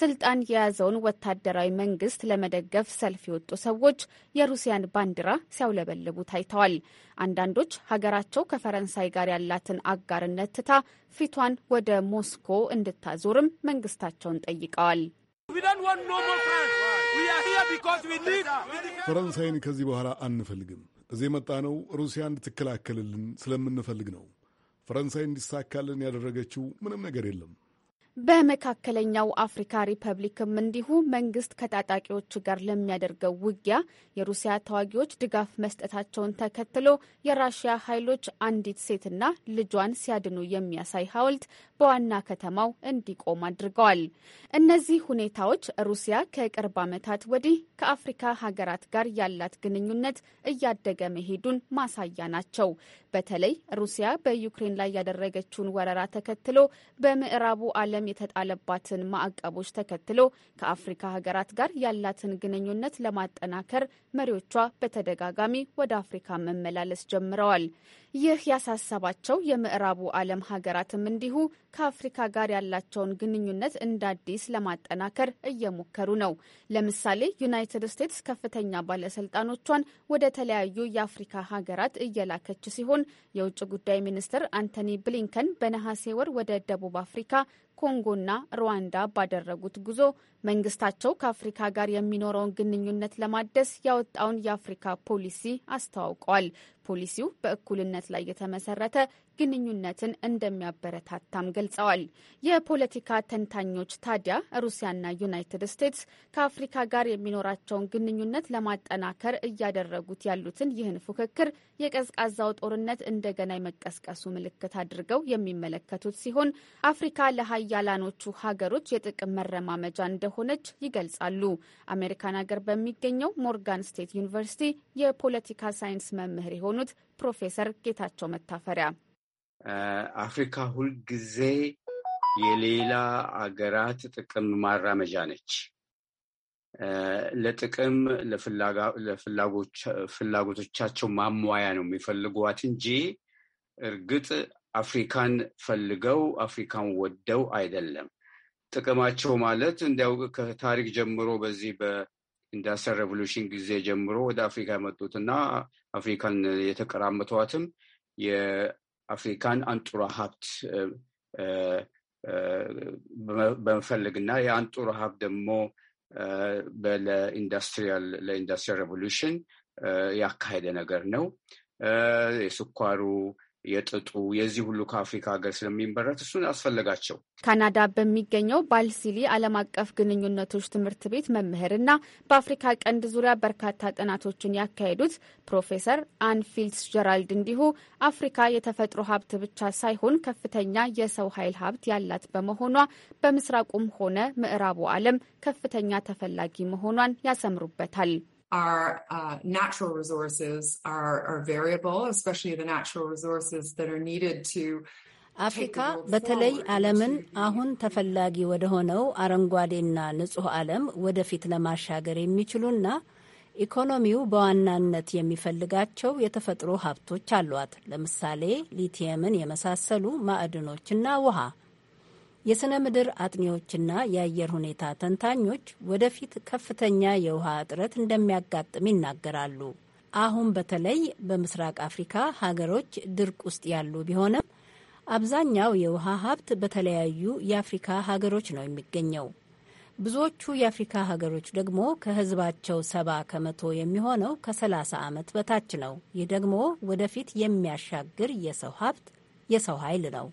ስልጣን የያዘውን ወታደራዊ መንግስት ለመደገፍ ሰልፍ የወጡ ሰዎች የሩሲያን ባንዲራ ሲያውለበልቡ ታይተዋል። አንዳንዶች ሀገራቸው ከፈረንሳይ ጋር ያላትን አጋርነት ትታ ፊቷን ወደ ሞስኮ እንድታዞርም መንግስታቸውን ጠይቀዋል። ፈረንሳይን ከዚህ በኋላ አንፈልግም እዚህ የመጣ ነው ሩሲያ እንድትከላከልልን ስለምንፈልግ ነው። ፈረንሳይ እንዲሳካልን ያደረገችው ምንም ነገር የለም። በመካከለኛው አፍሪካ ሪፐብሊክም እንዲሁ መንግስት ከታጣቂዎች ጋር ለሚያደርገው ውጊያ የሩሲያ ተዋጊዎች ድጋፍ መስጠታቸውን ተከትሎ የራሽያ ኃይሎች አንዲት ሴትና ልጇን ሲያድኑ የሚያሳይ ሐውልት በዋና ከተማው እንዲቆም አድርገዋል። እነዚህ ሁኔታዎች ሩሲያ ከቅርብ ዓመታት ወዲህ ከአፍሪካ ሀገራት ጋር ያላት ግንኙነት እያደገ መሄዱን ማሳያ ናቸው። በተለይ ሩሲያ በዩክሬን ላይ ያደረገችውን ወረራ ተከትሎ በምዕራቡ ዓለም ዓለም የተጣለባትን ማዕቀቦች ተከትሎ ከአፍሪካ ሀገራት ጋር ያላትን ግንኙነት ለማጠናከር መሪዎቿ በተደጋጋሚ ወደ አፍሪካ መመላለስ ጀምረዋል። ይህ ያሳሰባቸው የምዕራቡ ዓለም ሀገራትም እንዲሁ ከአፍሪካ ጋር ያላቸውን ግንኙነት እንደ አዲስ ለማጠናከር እየሞከሩ ነው። ለምሳሌ ዩናይትድ ስቴትስ ከፍተኛ ባለስልጣኖቿን ወደ ተለያዩ የአፍሪካ ሀገራት እየላከች ሲሆን የውጭ ጉዳይ ሚኒስትር አንቶኒ ብሊንከን በነሐሴ ወር ወደ ደቡብ አፍሪካ፣ ኮንጎና ሩዋንዳ ባደረጉት ጉዞ መንግስታቸው ከአፍሪካ ጋር የሚኖረውን ግንኙነት ለማደስ ያወጣውን የአፍሪካ ፖሊሲ አስተዋውቀዋል። ፖሊሲው በእኩልነት ላይ የተመሰረተ ግንኙነትን እንደሚያበረታታም ገልጸዋል። የፖለቲካ ተንታኞች ታዲያ ሩሲያና ዩናይትድ ስቴትስ ከአፍሪካ ጋር የሚኖራቸውን ግንኙነት ለማጠናከር እያደረጉት ያሉትን ይህን ፉክክር የቀዝቃዛው ጦርነት እንደገና የመቀስቀሱ ምልክት አድርገው የሚመለከቱት ሲሆን አፍሪካ ለሀያላኖቹ ሀገሮች የጥቅም መረማመጃ እንደሆነች ይገልጻሉ። አሜሪካን ሀገር በሚገኘው ሞርጋን ስቴት ዩኒቨርሲቲ የፖለቲካ ሳይንስ መምህር የሆኑት ፕሮፌሰር ጌታቸው መታፈሪያ አፍሪካ ሁልጊዜ የሌላ አገራት ጥቅም ማራመጃ ነች። ለጥቅም ለፍላጎቶቻቸው ማሟያ ነው የሚፈልጓት እንጂ እርግጥ አፍሪካን ፈልገው አፍሪካን ወደው አይደለም። ጥቅማቸው ማለት እንዲያው ከታሪክ ጀምሮ በዚህ በኢንዳስትሪያል ሬቮሉሽን ጊዜ ጀምሮ ወደ አፍሪካ የመጡትና አፍሪካን የተቀራመቷትም አፍሪካን አንጡራ ሀብት በመፈለግና የአንጡራ ሀብት ደግሞ ለኢንዱስትሪያል ሬቮሉሽን ያካሄደ ነገር ነው። የስኳሩ የጥጡ የዚህ ሁሉ ከአፍሪካ ሀገር ስለሚመረት እሱን አስፈለጋቸው። ካናዳ በሚገኘው ባልሲሊ ዓለም አቀፍ ግንኙነቶች ትምህርት ቤት መምህርና በአፍሪካ ቀንድ ዙሪያ በርካታ ጥናቶችን ያካሄዱት ፕሮፌሰር አን ፊልስ ጀራልድ እንዲሁ አፍሪካ የተፈጥሮ ሀብት ብቻ ሳይሆን ከፍተኛ የሰው ኃይል ሀብት ያላት በመሆኗ በምስራቁም ሆነ ምዕራቡ ዓለም ከፍተኛ ተፈላጊ መሆኗን ያሰምሩበታል። our uh, natural resources are, are variable, especially the natural resources that are needed to አፍሪካ በተለይ ዓለምን አሁን ተፈላጊ ወደ ሆነው አረንጓዴና ንጹህ ዓለም ወደፊት ለማሻገር የሚችሉና ኢኮኖሚው በዋናነት የሚፈልጋቸው የተፈጥሮ ሀብቶች አሏት። ለምሳሌ ሊቲየምን የመሳሰሉ ማዕድኖችና ውሃ። የሥነ ምድር አጥኚዎችና የአየር ሁኔታ ተንታኞች ወደፊት ከፍተኛ የውሃ እጥረት እንደሚያጋጥም ይናገራሉ። አሁን በተለይ በምስራቅ አፍሪካ ሀገሮች ድርቅ ውስጥ ያሉ ቢሆንም አብዛኛው የውሃ ሀብት በተለያዩ የአፍሪካ ሀገሮች ነው የሚገኘው። ብዙዎቹ የአፍሪካ ሀገሮች ደግሞ ከህዝባቸው ሰባ ከመቶ የሚሆነው ከሰላሳ ዓመት በታች ነው። ይህ ደግሞ ወደፊት የሚያሻግር የሰው ሀብት የሰው ኃይል ነው።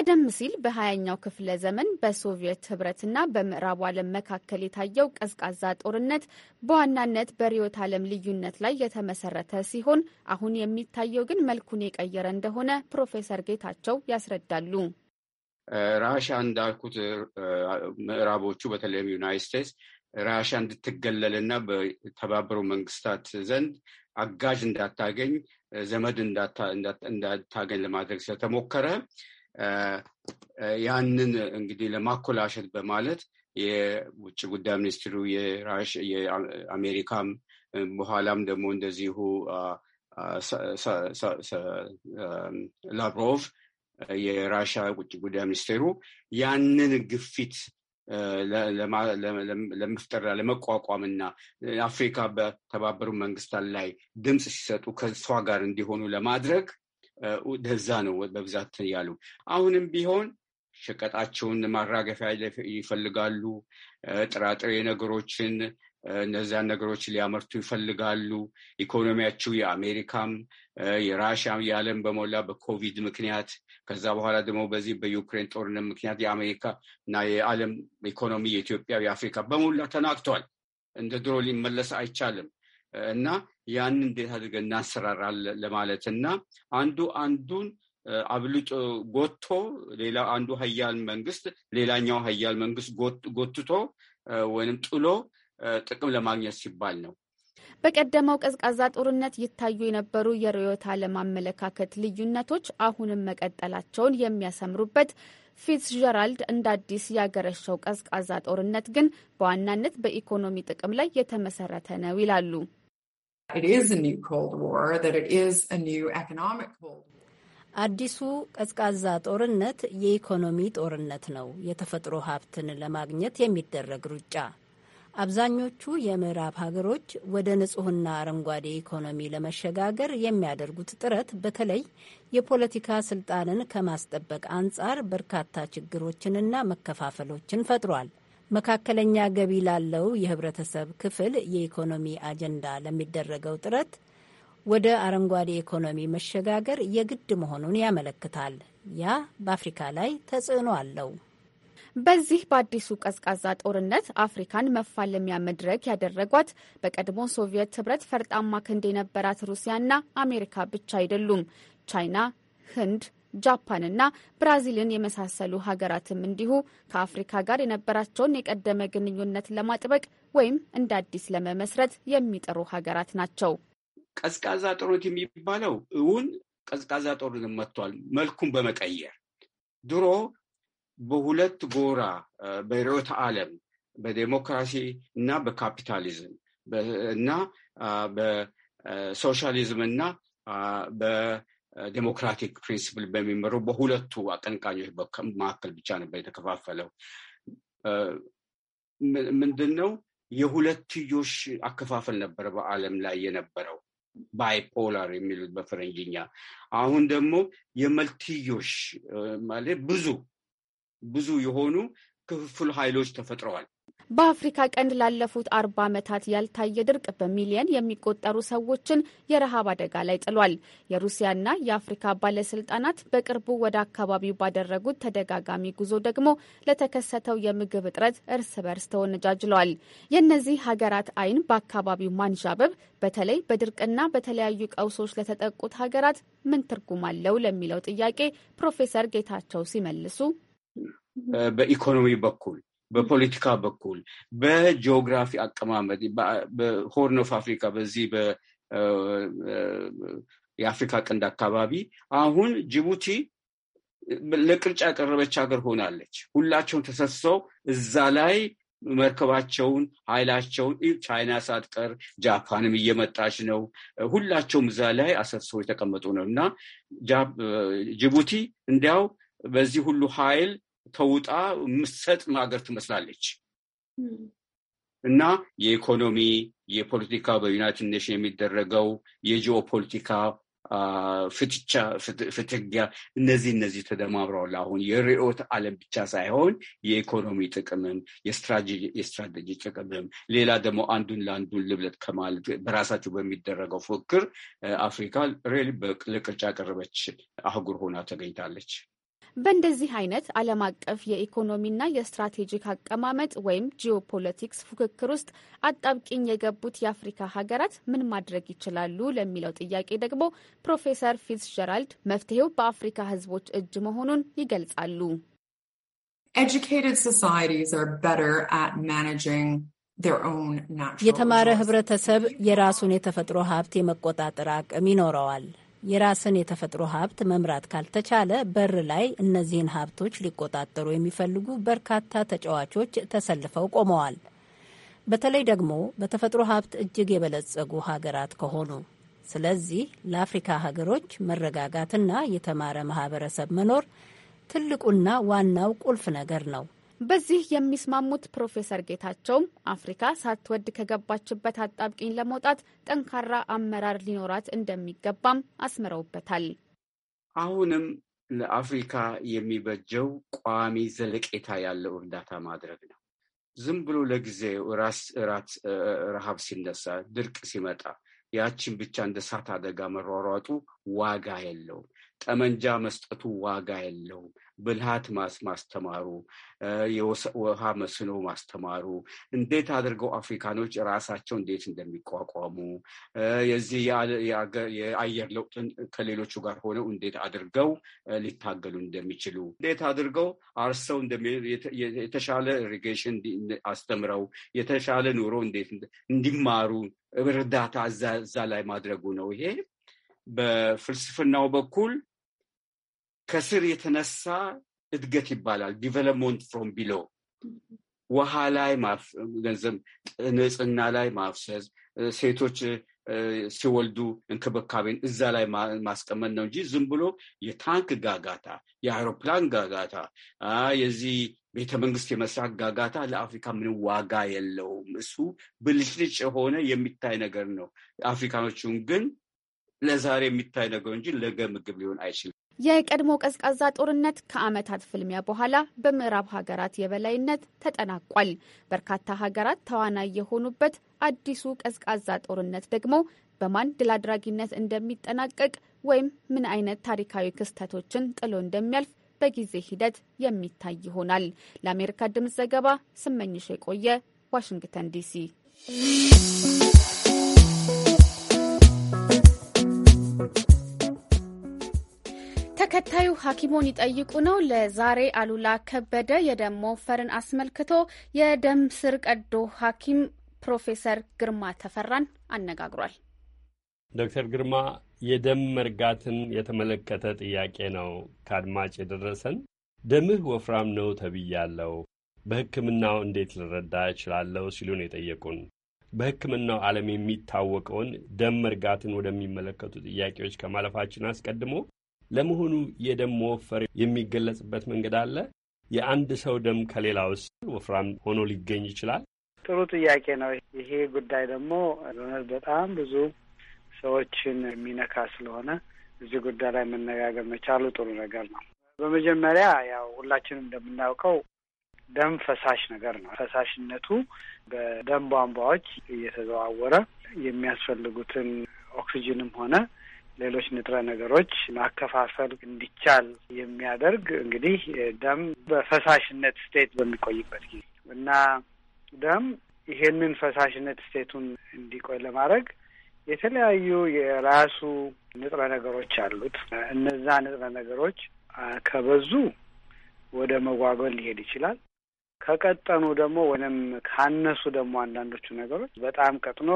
ቀደም ሲል በሀያኛው ክፍለ ዘመን በሶቪየት ህብረትና በምዕራቡ ዓለም መካከል የታየው ቀዝቃዛ ጦርነት በዋናነት በርዕዮተ ዓለም ልዩነት ላይ የተመሰረተ ሲሆን አሁን የሚታየው ግን መልኩን የቀየረ እንደሆነ ፕሮፌሰር ጌታቸው ያስረዳሉ። ራሽያ እንዳልኩት ምዕራቦቹ በተለይም ዩናይት ስቴትስ ራሻ እንድትገለልና በተባበሩ መንግስታት ዘንድ አጋዥ እንዳታገኝ ዘመድ እንዳታገኝ ለማድረግ ስለተሞከረ ያንን እንግዲህ ለማኮላሸት በማለት የውጭ ጉዳይ ሚኒስትሩ የአሜሪካም በኋላም ደግሞ እንደዚሁ ላቭሮቭ የራሻ ውጭ ጉዳይ ሚኒስቴሩ ያንን ግፊት ለመፍጠር ለመቋቋምና አፍሪካ በተባበሩ መንግስታት ላይ ድምፅ ሲሰጡ ከሷ ጋር እንዲሆኑ ለማድረግ ደዛ ነው በብዛት ያሉ። አሁንም ቢሆን ሸቀጣቸውን ማራገፊያ ይፈልጋሉ። ጥራጥሬ ነገሮችን እነዚያን ነገሮች ሊያመርቱ ይፈልጋሉ። ኢኮኖሚያቸው የአሜሪካም የራሽያም የዓለም በሞላ በኮቪድ ምክንያት ከዛ በኋላ ደግሞ በዚህ በዩክሬን ጦርነት ምክንያት የአሜሪካ እና የዓለም ኢኮኖሚ የኢትዮጵያ፣ የአፍሪካ በሞላ ተናግቷል። እንደ ድሮ ሊመለስ አይቻልም። እና ያንን እንዴት አድርገን እናሰራራል ለማለት እና አንዱ አንዱን አብልጦ ጎቶ ሌላ አንዱ ሀያል መንግስት ሌላኛው ሀያል መንግስት ጎትቶ ወይም ጥሎ ጥቅም ለማግኘት ሲባል ነው። በቀደመው ቀዝቃዛ ጦርነት ይታዩ የነበሩ የርዕዮተ ዓለም አመለካከት ልዩነቶች አሁንም መቀጠላቸውን የሚያሰምሩበት ጀራልድ እንደ አዲስ ያገረሸው ቀዝቃዛ ጦርነት ግን በዋናነት በኢኮኖሚ ጥቅም ላይ የተመሰረተ ነው ይላሉ። አዲሱ ቀዝቃዛ ጦርነት የኢኮኖሚ ጦርነት ነው፣ የተፈጥሮ ሀብትን ለማግኘት የሚደረግ ሩጫ። አብዛኞቹ የምዕራብ ሀገሮች ወደ ንጹህና አረንጓዴ ኢኮኖሚ ለመሸጋገር የሚያደርጉት ጥረት በተለይ የፖለቲካ ስልጣንን ከማስጠበቅ አንጻር በርካታ ችግሮችንና መከፋፈሎችን ፈጥሯል። መካከለኛ ገቢ ላለው የህብረተሰብ ክፍል የኢኮኖሚ አጀንዳ ለሚደረገው ጥረት ወደ አረንጓዴ ኢኮኖሚ መሸጋገር የግድ መሆኑን ያመለክታል። ያ በአፍሪካ ላይ ተጽዕኖ አለው። በዚህ በአዲሱ ቀዝቃዛ ጦርነት አፍሪካን መፋለሚያ መድረክ ያደረጓት በቀድሞ ሶቪየት ህብረት ፈርጣማ ክንድ የነበራት ሩሲያና አሜሪካ ብቻ አይደሉም። ቻይና፣ ህንድ ጃፓንና ብራዚልን የመሳሰሉ ሀገራትም እንዲሁ ከአፍሪካ ጋር የነበራቸውን የቀደመ ግንኙነት ለማጥበቅ ወይም እንደ አዲስ ለመመስረት የሚጥሩ ሀገራት ናቸው። ቀዝቃዛ ጦርነት የሚባለው እውን ቀዝቃዛ ጦርነት መጥቷል፣ መልኩን በመቀየር ድሮ በሁለት ጎራ በርዕዮተ ዓለም በዴሞክራሲ እና በካፒታሊዝም እና በሶሻሊዝም እና ዴሞክራቲክ ፕሪንሲፕል በሚመሩ በሁለቱ አቀንቃኞች መካከል ብቻ ነበር የተከፋፈለው። ምንድን ነው የሁለትዮሽ አከፋፈል ነበር በዓለም ላይ የነበረው ባይፖላር የሚሉት በፈረንጅኛ። አሁን ደግሞ የመልትዮሽ ማለት ብዙ ብዙ የሆኑ ክፍፍል ኃይሎች ተፈጥረዋል። በአፍሪካ ቀንድ ላለፉት አርባ ዓመታት ያልታየ ድርቅ በሚሊየን የሚቆጠሩ ሰዎችን የረሃብ አደጋ ላይ ጥሏል። የሩሲያና የአፍሪካ ባለስልጣናት በቅርቡ ወደ አካባቢው ባደረጉት ተደጋጋሚ ጉዞ ደግሞ ለተከሰተው የምግብ እጥረት እርስ በርስ ተወነጃጅለዋል። የእነዚህ ሀገራት ዓይን በአካባቢው ማንዣበብ በተለይ በድርቅና በተለያዩ ቀውሶች ለተጠቁት ሀገራት ምን ትርጉም አለው ለሚለው ጥያቄ ፕሮፌሰር ጌታቸው ሲመልሱ በኢኮኖሚ በኩል በፖለቲካ በኩል በጂኦግራፊ አቀማመጥ በሆርን ኦፍ አፍሪካ በዚህ የአፍሪካ ቀንድ አካባቢ አሁን ጅቡቲ ለቅርጫ ያቀረበች ሀገር ሆናለች። ሁላቸውም ተሰሰው እዛ ላይ መርከባቸውን፣ ኃይላቸውን ቻይና ሳትቀር ጃፓንም እየመጣች ነው። ሁላቸውም እዛ ላይ አሰብሰው የተቀመጡ ነው እና ጅቡቲ እንዲያው በዚህ ሁሉ ኃይል ተውጣ የምትሰጥ ሀገር ትመስላለች እና የኢኮኖሚ የፖለቲካ በዩናይትድ ኔሽን የሚደረገው የጂኦፖለቲካ ፍትቻ ፍትጊያ እነዚህ እነዚህ ተደማምረዋል። አሁን የርዕዮተ ዓለም ብቻ ሳይሆን የኢኮኖሚ ጥቅምም የስትራቴጂ ጥቅምም ሌላ ደግሞ አንዱን ለአንዱን ልብለት ከማለት በራሳቸው በሚደረገው ፉክክር አፍሪካ ሬል ለቅርጫ ቀረበች አህጉር ሆና ተገኝታለች። በእንደዚህ አይነት ዓለም አቀፍ የኢኮኖሚና የስትራቴጂክ አቀማመጥ ወይም ጂኦፖለቲክስ ፉክክር ውስጥ አጣብቂኝ የገቡት የአፍሪካ ሀገራት ምን ማድረግ ይችላሉ ለሚለው ጥያቄ ደግሞ ፕሮፌሰር ጀራልድ መፍትሄው በአፍሪካ ሕዝቦች እጅ መሆኑን ይገልጻሉ። የተማረ ህብረተሰብ የራሱን የተፈጥሮ ሀብት የመቆጣጠር አቅም ይኖረዋል። የራስን የተፈጥሮ ሀብት መምራት ካልተቻለ በር ላይ እነዚህን ሀብቶች ሊቆጣጠሩ የሚፈልጉ በርካታ ተጫዋቾች ተሰልፈው ቆመዋል። በተለይ ደግሞ በተፈጥሮ ሀብት እጅግ የበለጸጉ ሀገራት ከሆኑ። ስለዚህ ለአፍሪካ ሀገሮች መረጋጋትና የተማረ ማህበረሰብ መኖር ትልቁና ዋናው ቁልፍ ነገር ነው። በዚህ የሚስማሙት ፕሮፌሰር ጌታቸውም አፍሪካ ሳትወድ ከገባችበት አጣብቂኝ ለመውጣት ጠንካራ አመራር ሊኖራት እንደሚገባም አስምረውበታል። አሁንም ለአፍሪካ የሚበጀው ቋሚ ዘለቄታ ያለው እርዳታ ማድረግ ነው። ዝም ብሎ ለጊዜው ራስ ራት ረሃብ ሲነሳ፣ ድርቅ ሲመጣ ያችን ብቻ እንደ እሳት አደጋ መሯሯጡ ዋጋ የለውም። ጠመንጃ መስጠቱ ዋጋ የለውም። ብልሃት ማስተማሩ፣ የውሃ መስኖ ማስተማሩ፣ እንዴት አድርገው አፍሪካኖች ራሳቸው እንዴት እንደሚቋቋሙ የዚህ የአየር ለውጥን ከሌሎቹ ጋር ሆነው እንዴት አድርገው ሊታገሉ እንደሚችሉ እንዴት አድርገው አርሰው የተሻለ ኢሪጌሽን አስተምረው የተሻለ ኑሮ እንዴት እንዲማሩ እርዳታ እዛ ላይ ማድረጉ ነው ይሄ በፍልስፍናው በኩል ከስር የተነሳ እድገት ይባላል። ዲቨሎፕመንት ፍሮም ቢሎ ውሃ ላይ ገንዘብ፣ ንጽህና ላይ ማፍሰስ፣ ሴቶች ሲወልዱ እንክብካቤን እዛ ላይ ማስቀመጥ ነው እንጂ ዝም ብሎ የታንክ ጋጋታ፣ የአይሮፕላን ጋጋታ፣ የዚህ ቤተመንግስት የመስራት ጋጋታ ለአፍሪካ ምንም ዋጋ የለውም። እሱ ብልጭልጭ የሆነ የሚታይ ነገር ነው። አፍሪካኖቹን ግን ለዛሬ የሚታይ ነገር እንጂ ለገ ምግብ ሊሆን አይችልም። የቀድሞ ቀዝቃዛ ጦርነት ከዓመታት ፍልሚያ በኋላ በምዕራብ ሀገራት የበላይነት ተጠናቋል። በርካታ ሀገራት ተዋናይ የሆኑበት አዲሱ ቀዝቃዛ ጦርነት ደግሞ በማን ድል አድራጊነት እንደሚጠናቀቅ ወይም ምን አይነት ታሪካዊ ክስተቶችን ጥሎ እንደሚያልፍ በጊዜ ሂደት የሚታይ ይሆናል። ለአሜሪካ ድምፅ ዘገባ ስመኝሽ የቆየ ዋሽንግተን ዲሲ ተከታዩ ሐኪሞን ይጠይቁ ነው። ለዛሬ አሉላ ከበደ የደም መወፈርን አስመልክቶ የደም ስር ቀዶ ሐኪም ፕሮፌሰር ግርማ ተፈራን አነጋግሯል። ዶክተር ግርማ የደም መርጋትን የተመለከተ ጥያቄ ነው ከአድማጭ የደረሰን። ደምህ ወፍራም ነው ተብያለው፣ በሕክምናው እንዴት ልረዳ እችላለሁ ሲሉ ነው የጠየቁን። በሕክምናው ዓለም የሚታወቀውን ደም መርጋትን ወደሚመለከቱ ጥያቄዎች ከማለፋችን አስቀድሞ ለመሆኑ የደም መወፈር የሚገለጽበት መንገድ አለ? የአንድ ሰው ደም ውስጥ ወፍራም ሆኖ ሊገኝ ይችላል? ጥሩ ጥያቄ ነው። ይሄ ጉዳይ ደግሞ በጣም ብዙ ሰዎችን የሚነካ ስለሆነ እዚህ ጉዳይ ላይ መነጋገር መቻሉ ጥሩ ነገር ነው። በመጀመሪያ ያው ሁላችንም እንደምናውቀው ደም ፈሳሽ ነገር ነው። ፈሳሽነቱ በደም ቧንቧዎች እየተዘዋወረ የሚያስፈልጉትን ኦክሲጅንም ሆነ ሌሎች ንጥረ ነገሮች ማከፋፈል እንዲቻል የሚያደርግ እንግዲህ ደም በፈሳሽነት ስቴት በሚቆይበት ጊዜ እና ደም ይሄንን ፈሳሽነት ስቴቱን እንዲቆይ ለማድረግ የተለያዩ የራሱ ንጥረ ነገሮች አሉት። እነዛ ንጥረ ነገሮች ከበዙ ወደ መጓጎል ሊሄድ ይችላል። ከቀጠኑ ደግሞ ወይም ካነሱ ደግሞ አንዳንዶቹ ነገሮች በጣም ቀጥኖ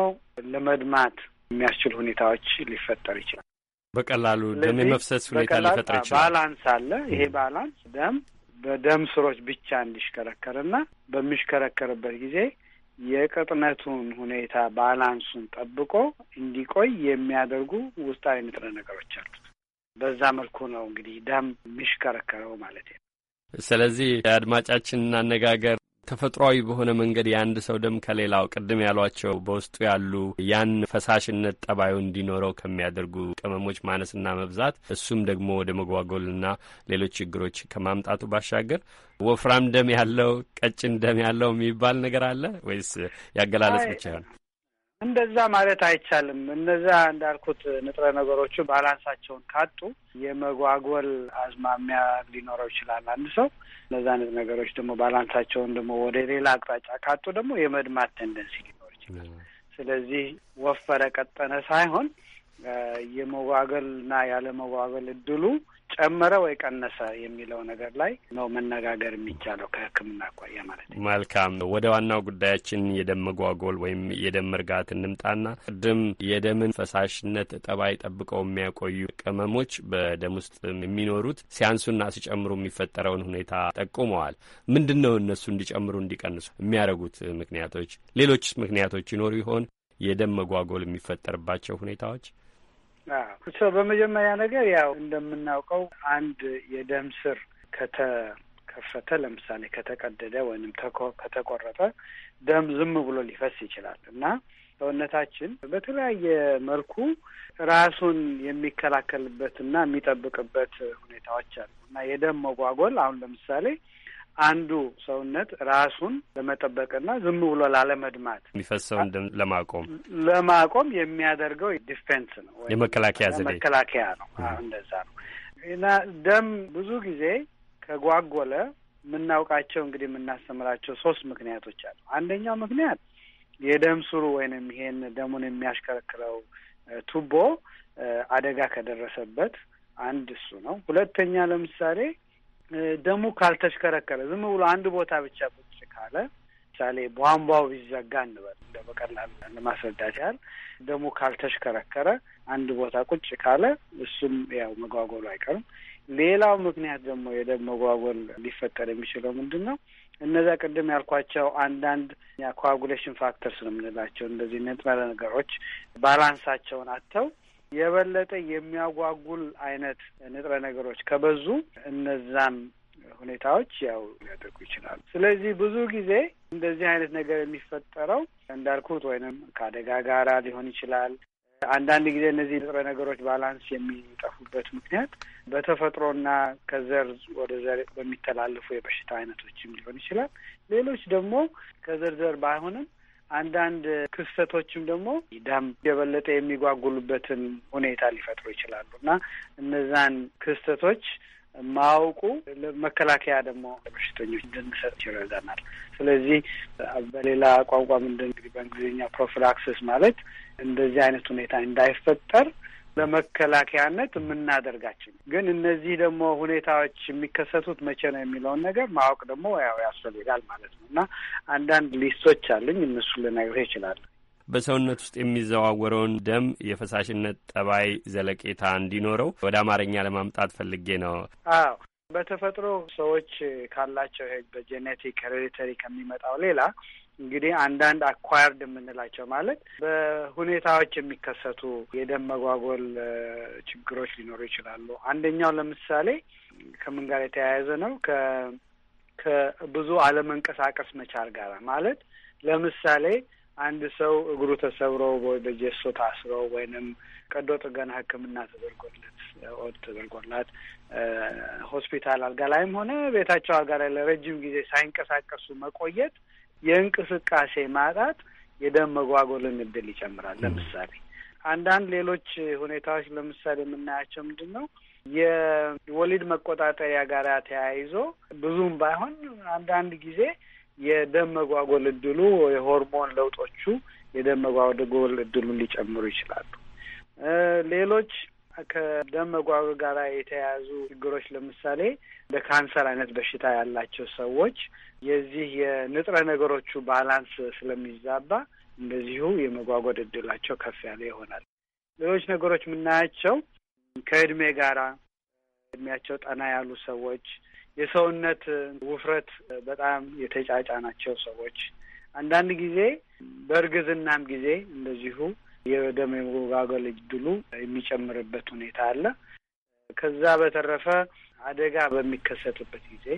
ለመድማት የሚያስችል ሁኔታዎች ሊፈጠር ይችላል። በቀላሉ ደም የመፍሰስ ሁኔታ ሊፈጥር ይችላል። ባላንስ አለ። ይሄ ባላንስ ደም በደም ስሮች ብቻ እንዲሽከረከርና በሚሽከረከርበት ጊዜ የቅጥነቱን ሁኔታ ባላንሱን ጠብቆ እንዲቆይ የሚያደርጉ ውስጣዊ ንጥረ ነገሮች አሉ። በዛ መልኩ ነው እንግዲህ ደም የሚሽከረከረው ማለት ነው። ስለዚህ የአድማጫችንን አነጋገር ተፈጥሯዊ በሆነ መንገድ የአንድ ሰው ደም ከሌላው ቅድም ያሏቸው በውስጡ ያሉ ያን ፈሳሽነት ጠባዩ እንዲኖረው ከሚያደርጉ ቅመሞች ማነስና መብዛት እሱም ደግሞ ወደ መጓጎልና ሌሎች ችግሮች ከማምጣቱ ባሻገር ወፍራም ደም ያለው ቀጭን ደም ያለው የሚባል ነገር አለ ወይስ ያገላለጽ ብቻ ይሆን? እንደዛ ማለት አይቻልም። እነዛ እንዳልኩት ንጥረ ነገሮቹ ባላንሳቸውን ካጡ የመጓጎል አዝማሚያ ሊኖረው ይችላል አንድ ሰው። እነዛ ንጥረ ነገሮች ደግሞ ባላንሳቸውን ደግሞ ወደ ሌላ አቅጣጫ ካጡ ደግሞ የመድማት ቴንደንሲ ሊኖር ይችላል። ስለዚህ ወፈረ ቀጠነ ሳይሆን የመዋገልና ያለመዋገል እድሉ ጨመረ ወይ ቀነሰ የሚለው ነገር ላይ ነው መነጋገር የሚቻለው ከሕክምና አኳያ ማለት ነው። መልካም ወደ ዋናው ጉዳያችን የደም መጓጎል ወይም የደም እርጋት እንምጣና ቅድም የደምን ፈሳሽነት ጠባይ ጠብቀው የሚያቆዩ ቅመሞች በደም ውስጥ የሚኖሩት ሲያንሱና ሲጨምሩ የሚፈጠረውን ሁኔታ ጠቁመዋል። ምንድን ነው እነሱ እንዲጨምሩ እንዲቀንሱ የሚያደርጉት ምክንያቶች? ሌሎችስ ምክንያቶች ይኖሩ ይሆን? የደም መጓጎል የሚፈጠርባቸው ሁኔታዎች ሰው በመጀመሪያ ነገር ያው እንደምናውቀው አንድ የደም ስር ከተከፈተ ለምሳሌ ከተቀደደ ወይም ከተቆረጠ ደም ዝም ብሎ ሊፈስ ይችላል እና ሰውነታችን በተለያየ መልኩ ራሱን የሚከላከልበትና የሚጠብቅበት ሁኔታዎች አሉ እና የደም መጓጎል አሁን ለምሳሌ አንዱ ሰውነት ራሱን ለመጠበቅና ዝም ብሎ ላለመድማት የሚፈሰውን ደም ለማቆም ለማቆም የሚያደርገው ዲፌንስ ነው፣ የመከላከያ ዘዴ መከላከያ ነው። እንደዛ ነው እና ደም ብዙ ጊዜ ከጓጎለ የምናውቃቸው እንግዲህ የምናስተምራቸው ሶስት ምክንያቶች አሉ። አንደኛው ምክንያት የደም ስሩ ወይንም ይሄን ደሙን የሚያሽከረክረው ቱቦ አደጋ ከደረሰበት አንድ እሱ ነው። ሁለተኛ ለምሳሌ ደሙ ካልተሽከረከረ ዝም ብሎ አንድ ቦታ ብቻ ቁጭ ካለ ምሳሌ ቧንቧው ቢዘጋ እንበል እንደ በቀላል ለማስረዳት ያህል ደሙ ካልተሽከረከረ አንድ ቦታ ቁጭ ካለ እሱም ያው መጓጎሉ አይቀርም። ሌላው ምክንያት ደግሞ የደም መጓጎል ሊፈጠር የሚችለው ምንድን ነው? እነዚያ ቅድም ያልኳቸው አንዳንድ ኮአጉሌሽን ፋክተርስ ነው የምንላቸው እንደዚህ ንጥረ ነገሮች ባላንሳቸውን አጥተው የበለጠ የሚያጓጉል አይነት ንጥረ ነገሮች ከበዙ እነዛን ሁኔታዎች ያው ሊያደርጉ ይችላሉ። ስለዚህ ብዙ ጊዜ እንደዚህ አይነት ነገር የሚፈጠረው እንዳልኩት ወይንም ከአደጋ ጋራ ሊሆን ይችላል። አንዳንድ ጊዜ እነዚህ ንጥረ ነገሮች ባላንስ የሚጠፉበት ምክንያት በተፈጥሮና ከዘር ወደ ዘር በሚተላለፉ የበሽታ አይነቶችም ሊሆን ይችላል። ሌሎች ደግሞ ከዘር ዘር ባይሆንም አንዳንድ ክስተቶችም ደግሞ ዳም የበለጠ የሚጓጉሉበትን ሁኔታ ሊፈጥሩ ይችላሉ እና እነዛን ክስተቶች ማወቁ መከላከያ ደግሞ ለበሽተኞች እንድንሰጥ ይረዳናል። ስለዚህ በሌላ ቋንቋ ምንድን እንግዲህ በእንግሊዝኛ ፕሮፊላክሲስ ማለት እንደዚህ አይነት ሁኔታ እንዳይፈጠር ለመከላከያነት የምናደርጋችን ግን እነዚህ ደግሞ ሁኔታዎች የሚከሰቱት መቼ ነው የሚለውን ነገር ማወቅ ደግሞ ያው ያስፈልጋል ማለት ነው እና አንዳንድ ሊስቶች አሉኝ እነሱ ልነግርህ ይችላል በሰውነት ውስጥ የሚዘዋወረውን ደም የፈሳሽነት ጠባይ ዘለቄታ እንዲኖረው ወደ አማርኛ ለማምጣት ፈልጌ ነው። አዎ በተፈጥሮ ሰዎች ካላቸው በጄኔቲክ ሄሬዲተሪ ከሚመጣው ሌላ እንግዲህ አንዳንድ አኳየርድ የምንላቸው ማለት በሁኔታዎች የሚከሰቱ የደም መጓጎል ችግሮች ሊኖሩ ይችላሉ። አንደኛው ለምሳሌ ከምን ጋር የተያያዘ ነው? ከብዙ አለመንቀሳቀስ መቻል ጋር ማለት ለምሳሌ አንድ ሰው እግሩ ተሰብሮ ወይ በጀሶ ታስሮ ወይንም ቀዶ ጥገና ሕክምና ተደርጎለት ኦድ ተደርጎላት ሆስፒታል አልጋ ላይም ሆነ ቤታቸው አልጋ ላይ ለረጅም ጊዜ ሳይንቀሳቀሱ መቆየት የእንቅስቃሴ ማጣት የደም መጓጎልን እድል ይጨምራል። ለምሳሌ አንዳንድ ሌሎች ሁኔታዎች ለምሳሌ የምናያቸው ምንድን ነው? የወሊድ መቆጣጠሪያ ጋር ተያይዞ ብዙም ባይሆን አንዳንድ ጊዜ የደም መጓጎል እድሉ የሆርሞን ለውጦቹ የደም መጓጎል እድሉን ሊጨምሩ ይችላሉ። ሌሎች ከደም መጓጉር ጋር የተያያዙ ችግሮች ለምሳሌ እንደ ካንሰር አይነት በሽታ ያላቸው ሰዎች የዚህ የንጥረ ነገሮቹ ባላንስ ስለሚዛባ እንደዚሁ የመጓጓድ እድላቸው ከፍ ያለ ይሆናል። ሌሎች ነገሮች የምናያቸው ከእድሜ ጋራ እድሜያቸው ጠና ያሉ ሰዎች፣ የሰውነት ውፍረት በጣም የተጫጫናቸው ሰዎች አንዳንድ ጊዜ በእርግዝናም ጊዜ እንደዚሁ የደም የመጓጓል እድሉ የሚጨምርበት ሁኔታ አለ። ከዛ በተረፈ አደጋ በሚከሰትበት ጊዜ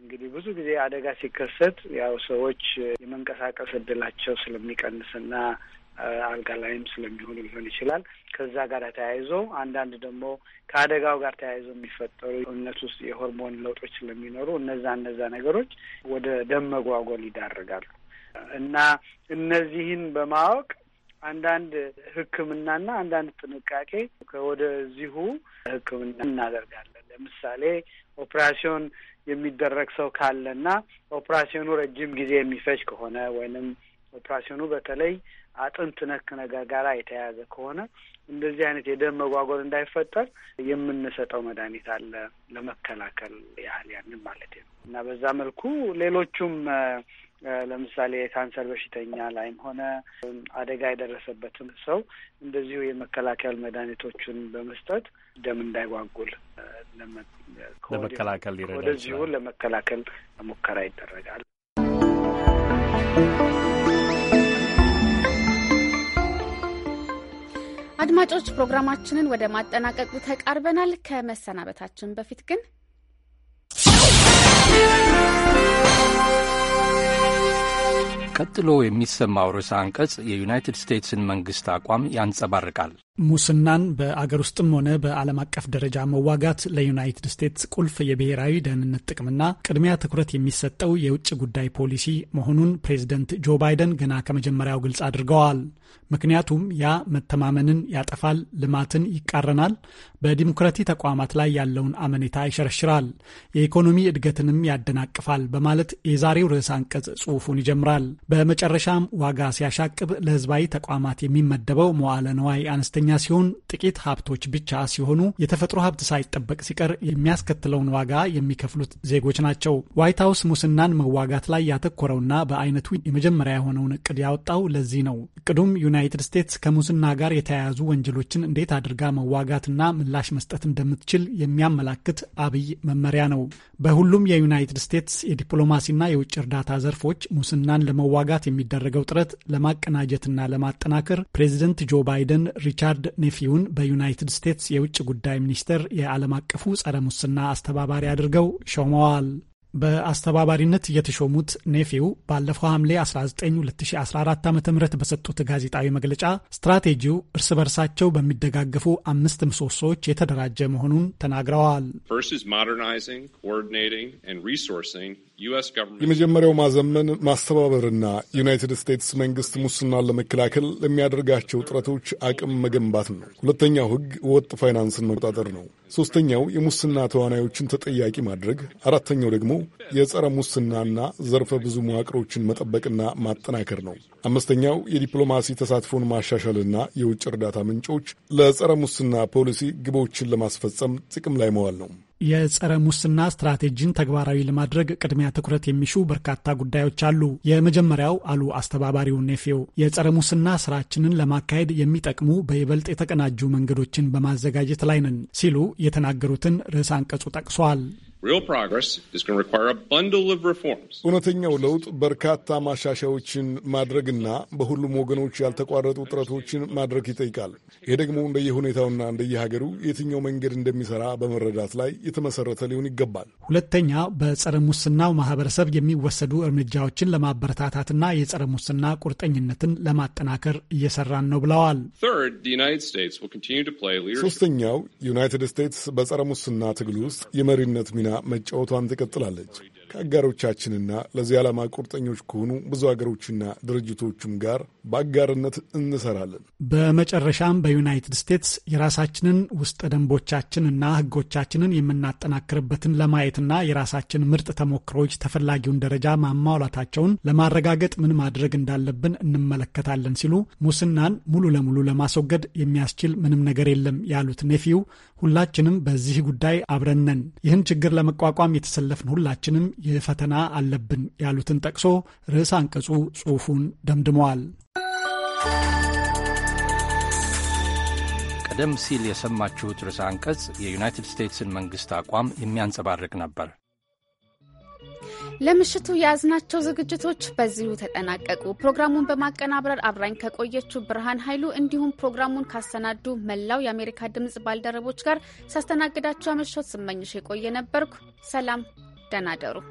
እንግዲህ ብዙ ጊዜ አደጋ ሲከሰት ያው ሰዎች የመንቀሳቀስ እድላቸው ስለሚቀንስና አልጋ ላይም ስለሚሆኑ ሊሆን ይችላል። ከዛ ጋር ተያይዞ አንዳንድ ደግሞ ከአደጋው ጋር ተያይዞ የሚፈጠሩ እነት ውስጥ የሆርሞን ለውጦች ስለሚኖሩ እነዛ እነዛ ነገሮች ወደ ደም መጓጎል ይዳርጋሉ እና እነዚህን በማወቅ አንዳንድ ሕክምናና አንዳንድ ጥንቃቄ ከወደዚሁ ሕክምና እናደርጋለን። ለምሳሌ ኦፕራሲዮን የሚደረግ ሰው ካለና ኦፕራሲዮኑ ረጅም ጊዜ የሚፈጅ ከሆነ ወይንም ኦፕራሲዮኑ በተለይ አጥንት ነክ ነገር ጋር የተያያዘ ከሆነ እንደዚህ አይነት የደም መጓጎል እንዳይፈጠር የምንሰጠው መድኃኒት አለ ለመከላከል ያህል ያንን ማለት ነው እና በዛ መልኩ ሌሎቹም ለምሳሌ የካንሰር በሽተኛ ላይም ሆነ አደጋ የደረሰበትም ሰው እንደዚሁ የመከላከል መድኃኒቶቹን በመስጠት ደም እንዳይጓጉል ለመከላከል ወደዚሁ ለመከላከል ሙከራ ይደረጋል። አድማጮች ፕሮግራማችንን ወደ ማጠናቀቁ ተቃርበናል። ከመሰናበታችን በፊት ግን ቀጥሎ የሚሰማው ርዕሰ አንቀጽ የዩናይትድ ስቴትስን መንግሥት አቋም ያንጸባርቃል። ሙስናን በአገር ውስጥም ሆነ በዓለም አቀፍ ደረጃ መዋጋት ለዩናይትድ ስቴትስ ቁልፍ የብሔራዊ ደህንነት ጥቅምና ቅድሚያ ትኩረት የሚሰጠው የውጭ ጉዳይ ፖሊሲ መሆኑን ፕሬዝደንት ጆ ባይደን ገና ከመጀመሪያው ግልጽ አድርገዋል። ምክንያቱም ያ መተማመንን ያጠፋል፣ ልማትን ይቃረናል፣ በዲሞክራሲ ተቋማት ላይ ያለውን አመኔታ ይሸረሽራል፣ የኢኮኖሚ እድገትንም ያደናቅፋል በማለት የዛሬው ርዕሰ አንቀጽ ጽሑፉን ይጀምራል። በመጨረሻም ዋጋ ሲያሻቅብ ለህዝባዊ ተቋማት የሚመደበው መዋለ ነዋይ አነስተኛ ዝቅተኛ ሲሆን ጥቂት ሀብቶች ብቻ ሲሆኑ የተፈጥሮ ሀብት ሳይጠበቅ ሲቀር የሚያስከትለውን ዋጋ የሚከፍሉት ዜጎች ናቸው። ዋይት ሀውስ ሙስናን መዋጋት ላይ ያተኮረውና በአይነቱ የመጀመሪያ የሆነውን እቅድ ያወጣው ለዚህ ነው። እቅዱም ዩናይትድ ስቴትስ ከሙስና ጋር የተያያዙ ወንጀሎችን እንዴት አድርጋ መዋጋትና ምላሽ መስጠት እንደምትችል የሚያመላክት አብይ መመሪያ ነው። በሁሉም የዩናይትድ ስቴትስ የዲፕሎማሲና የውጭ እርዳታ ዘርፎች ሙስናን ለመዋጋት የሚደረገው ጥረት ለማቀናጀትና ለማጠናከር ፕሬዚደንት ጆ ባይደን ሪቻርድ ሪቻርድ ኔፊውን በዩናይትድ ስቴትስ የውጭ ጉዳይ ሚኒስቴር የዓለም አቀፉ ጸረ ሙስና አስተባባሪ አድርገው ሾመዋል። በአስተባባሪነት የተሾሙት ኔፊው ባለፈው ሐምሌ 19 2014 ዓ ም በሰጡት ጋዜጣዊ መግለጫ ስትራቴጂው እርስ በርሳቸው በሚደጋገፉ አምስት ምሰሶዎች የተደራጀ መሆኑን ተናግረዋል። የመጀመሪያው ማዘመን ማስተባበርና ዩናይትድ ስቴትስ መንግስት ሙስናን ለመከላከል ለሚያደርጋቸው ጥረቶች አቅም መገንባት ነው። ሁለተኛው ሕግ ወጥ ፋይናንስን መቆጣጠር ነው። ሶስተኛው የሙስና ተዋናዮችን ተጠያቂ ማድረግ፣ አራተኛው ደግሞ የጸረ ሙስናና ዘርፈ ብዙ መዋቅሮችን መጠበቅና ማጠናከር ነው። አምስተኛው የዲፕሎማሲ ተሳትፎን ማሻሻልና የውጭ እርዳታ ምንጮች ለጸረ ሙስና ፖሊሲ ግቦችን ለማስፈጸም ጥቅም ላይ መዋል ነው። የጸረ ሙስና ስትራቴጂን ተግባራዊ ለማድረግ ቅድሚያ ትኩረት የሚሹ በርካታ ጉዳዮች አሉ። የመጀመሪያው አሉ አስተባባሪው ኔፌው፣ የጸረ ሙስና ስራችንን ለማካሄድ የሚጠቅሙ በይበልጥ የተቀናጁ መንገዶችን በማዘጋጀት ላይ ነን ሲሉ የተናገሩትን ርዕስ አንቀጹ ጠቅሷል። እውነተኛው ለውጥ በርካታ ማሻሻዎችን ማድረግና በሁሉም ወገኖች ያልተቋረጡ ጥረቶችን ማድረግ ይጠይቃል። ይህ ደግሞ እንደየሁኔታውና እንደየሀገሩ የትኛው መንገድ እንደሚሰራ በመረዳት ላይ የተመሰረተ ሊሆን ይገባል። ሁለተኛ፣ በጸረ ሙስናው ማህበረሰብ የሚወሰዱ እርምጃዎችን ለማበረታታትና የጸረ ሙስና ቁርጠኝነትን ለማጠናከር እየሰራን ነው ብለዋል። ሶስተኛው ዩናይትድ ስቴትስ በጸረ ሙስና ትግል ውስጥ የመሪነት ሚና መጫወቷን ትቀጥላለች። ከአጋሮቻችንና ለዚህ ዓላማ ቁርጠኞች ከሆኑ ብዙ አገሮችና ድርጅቶችም ጋር በአጋርነት እንሰራለን። በመጨረሻም በዩናይትድ ስቴትስ የራሳችንን ውስጥ ደንቦቻችንና ህጎቻችንን የምናጠናክርበትን ለማየትና የራሳችን ምርጥ ተሞክሮዎች ተፈላጊውን ደረጃ ማሟላታቸውን ለማረጋገጥ ምን ማድረግ እንዳለብን እንመለከታለን ሲሉ ሙስናን ሙሉ ለሙሉ ለማስወገድ የሚያስችል ምንም ነገር የለም ያሉት ኔፊው ሁላችንም በዚህ ጉዳይ አብረነን ይህን ችግር ለመቋቋም የተሰለፍን ሁላችንም የፈተና አለብን ያሉትን ጠቅሶ ርዕስ አንቀጹ ጽሑፉን ደምድመዋል። ቀደም ሲል የሰማችሁት ርዕስ አንቀጽ የዩናይትድ ስቴትስን መንግሥት አቋም የሚያንጸባርቅ ነበር። ለምሽቱ የያዝናቸው ዝግጅቶች በዚሁ ተጠናቀቁ። ፕሮግራሙን በማቀናበረር አብራኝ ከቆየችው ብርሃን ኃይሉ እንዲሁም ፕሮግራሙን ካሰናዱ መላው የአሜሪካ ድምፅ ባልደረቦች ጋር ሳስተናግዳችሁ አመሾት ስመኝሽ የቆየ ነበርኩ። ሰላም ደህና ደሩ።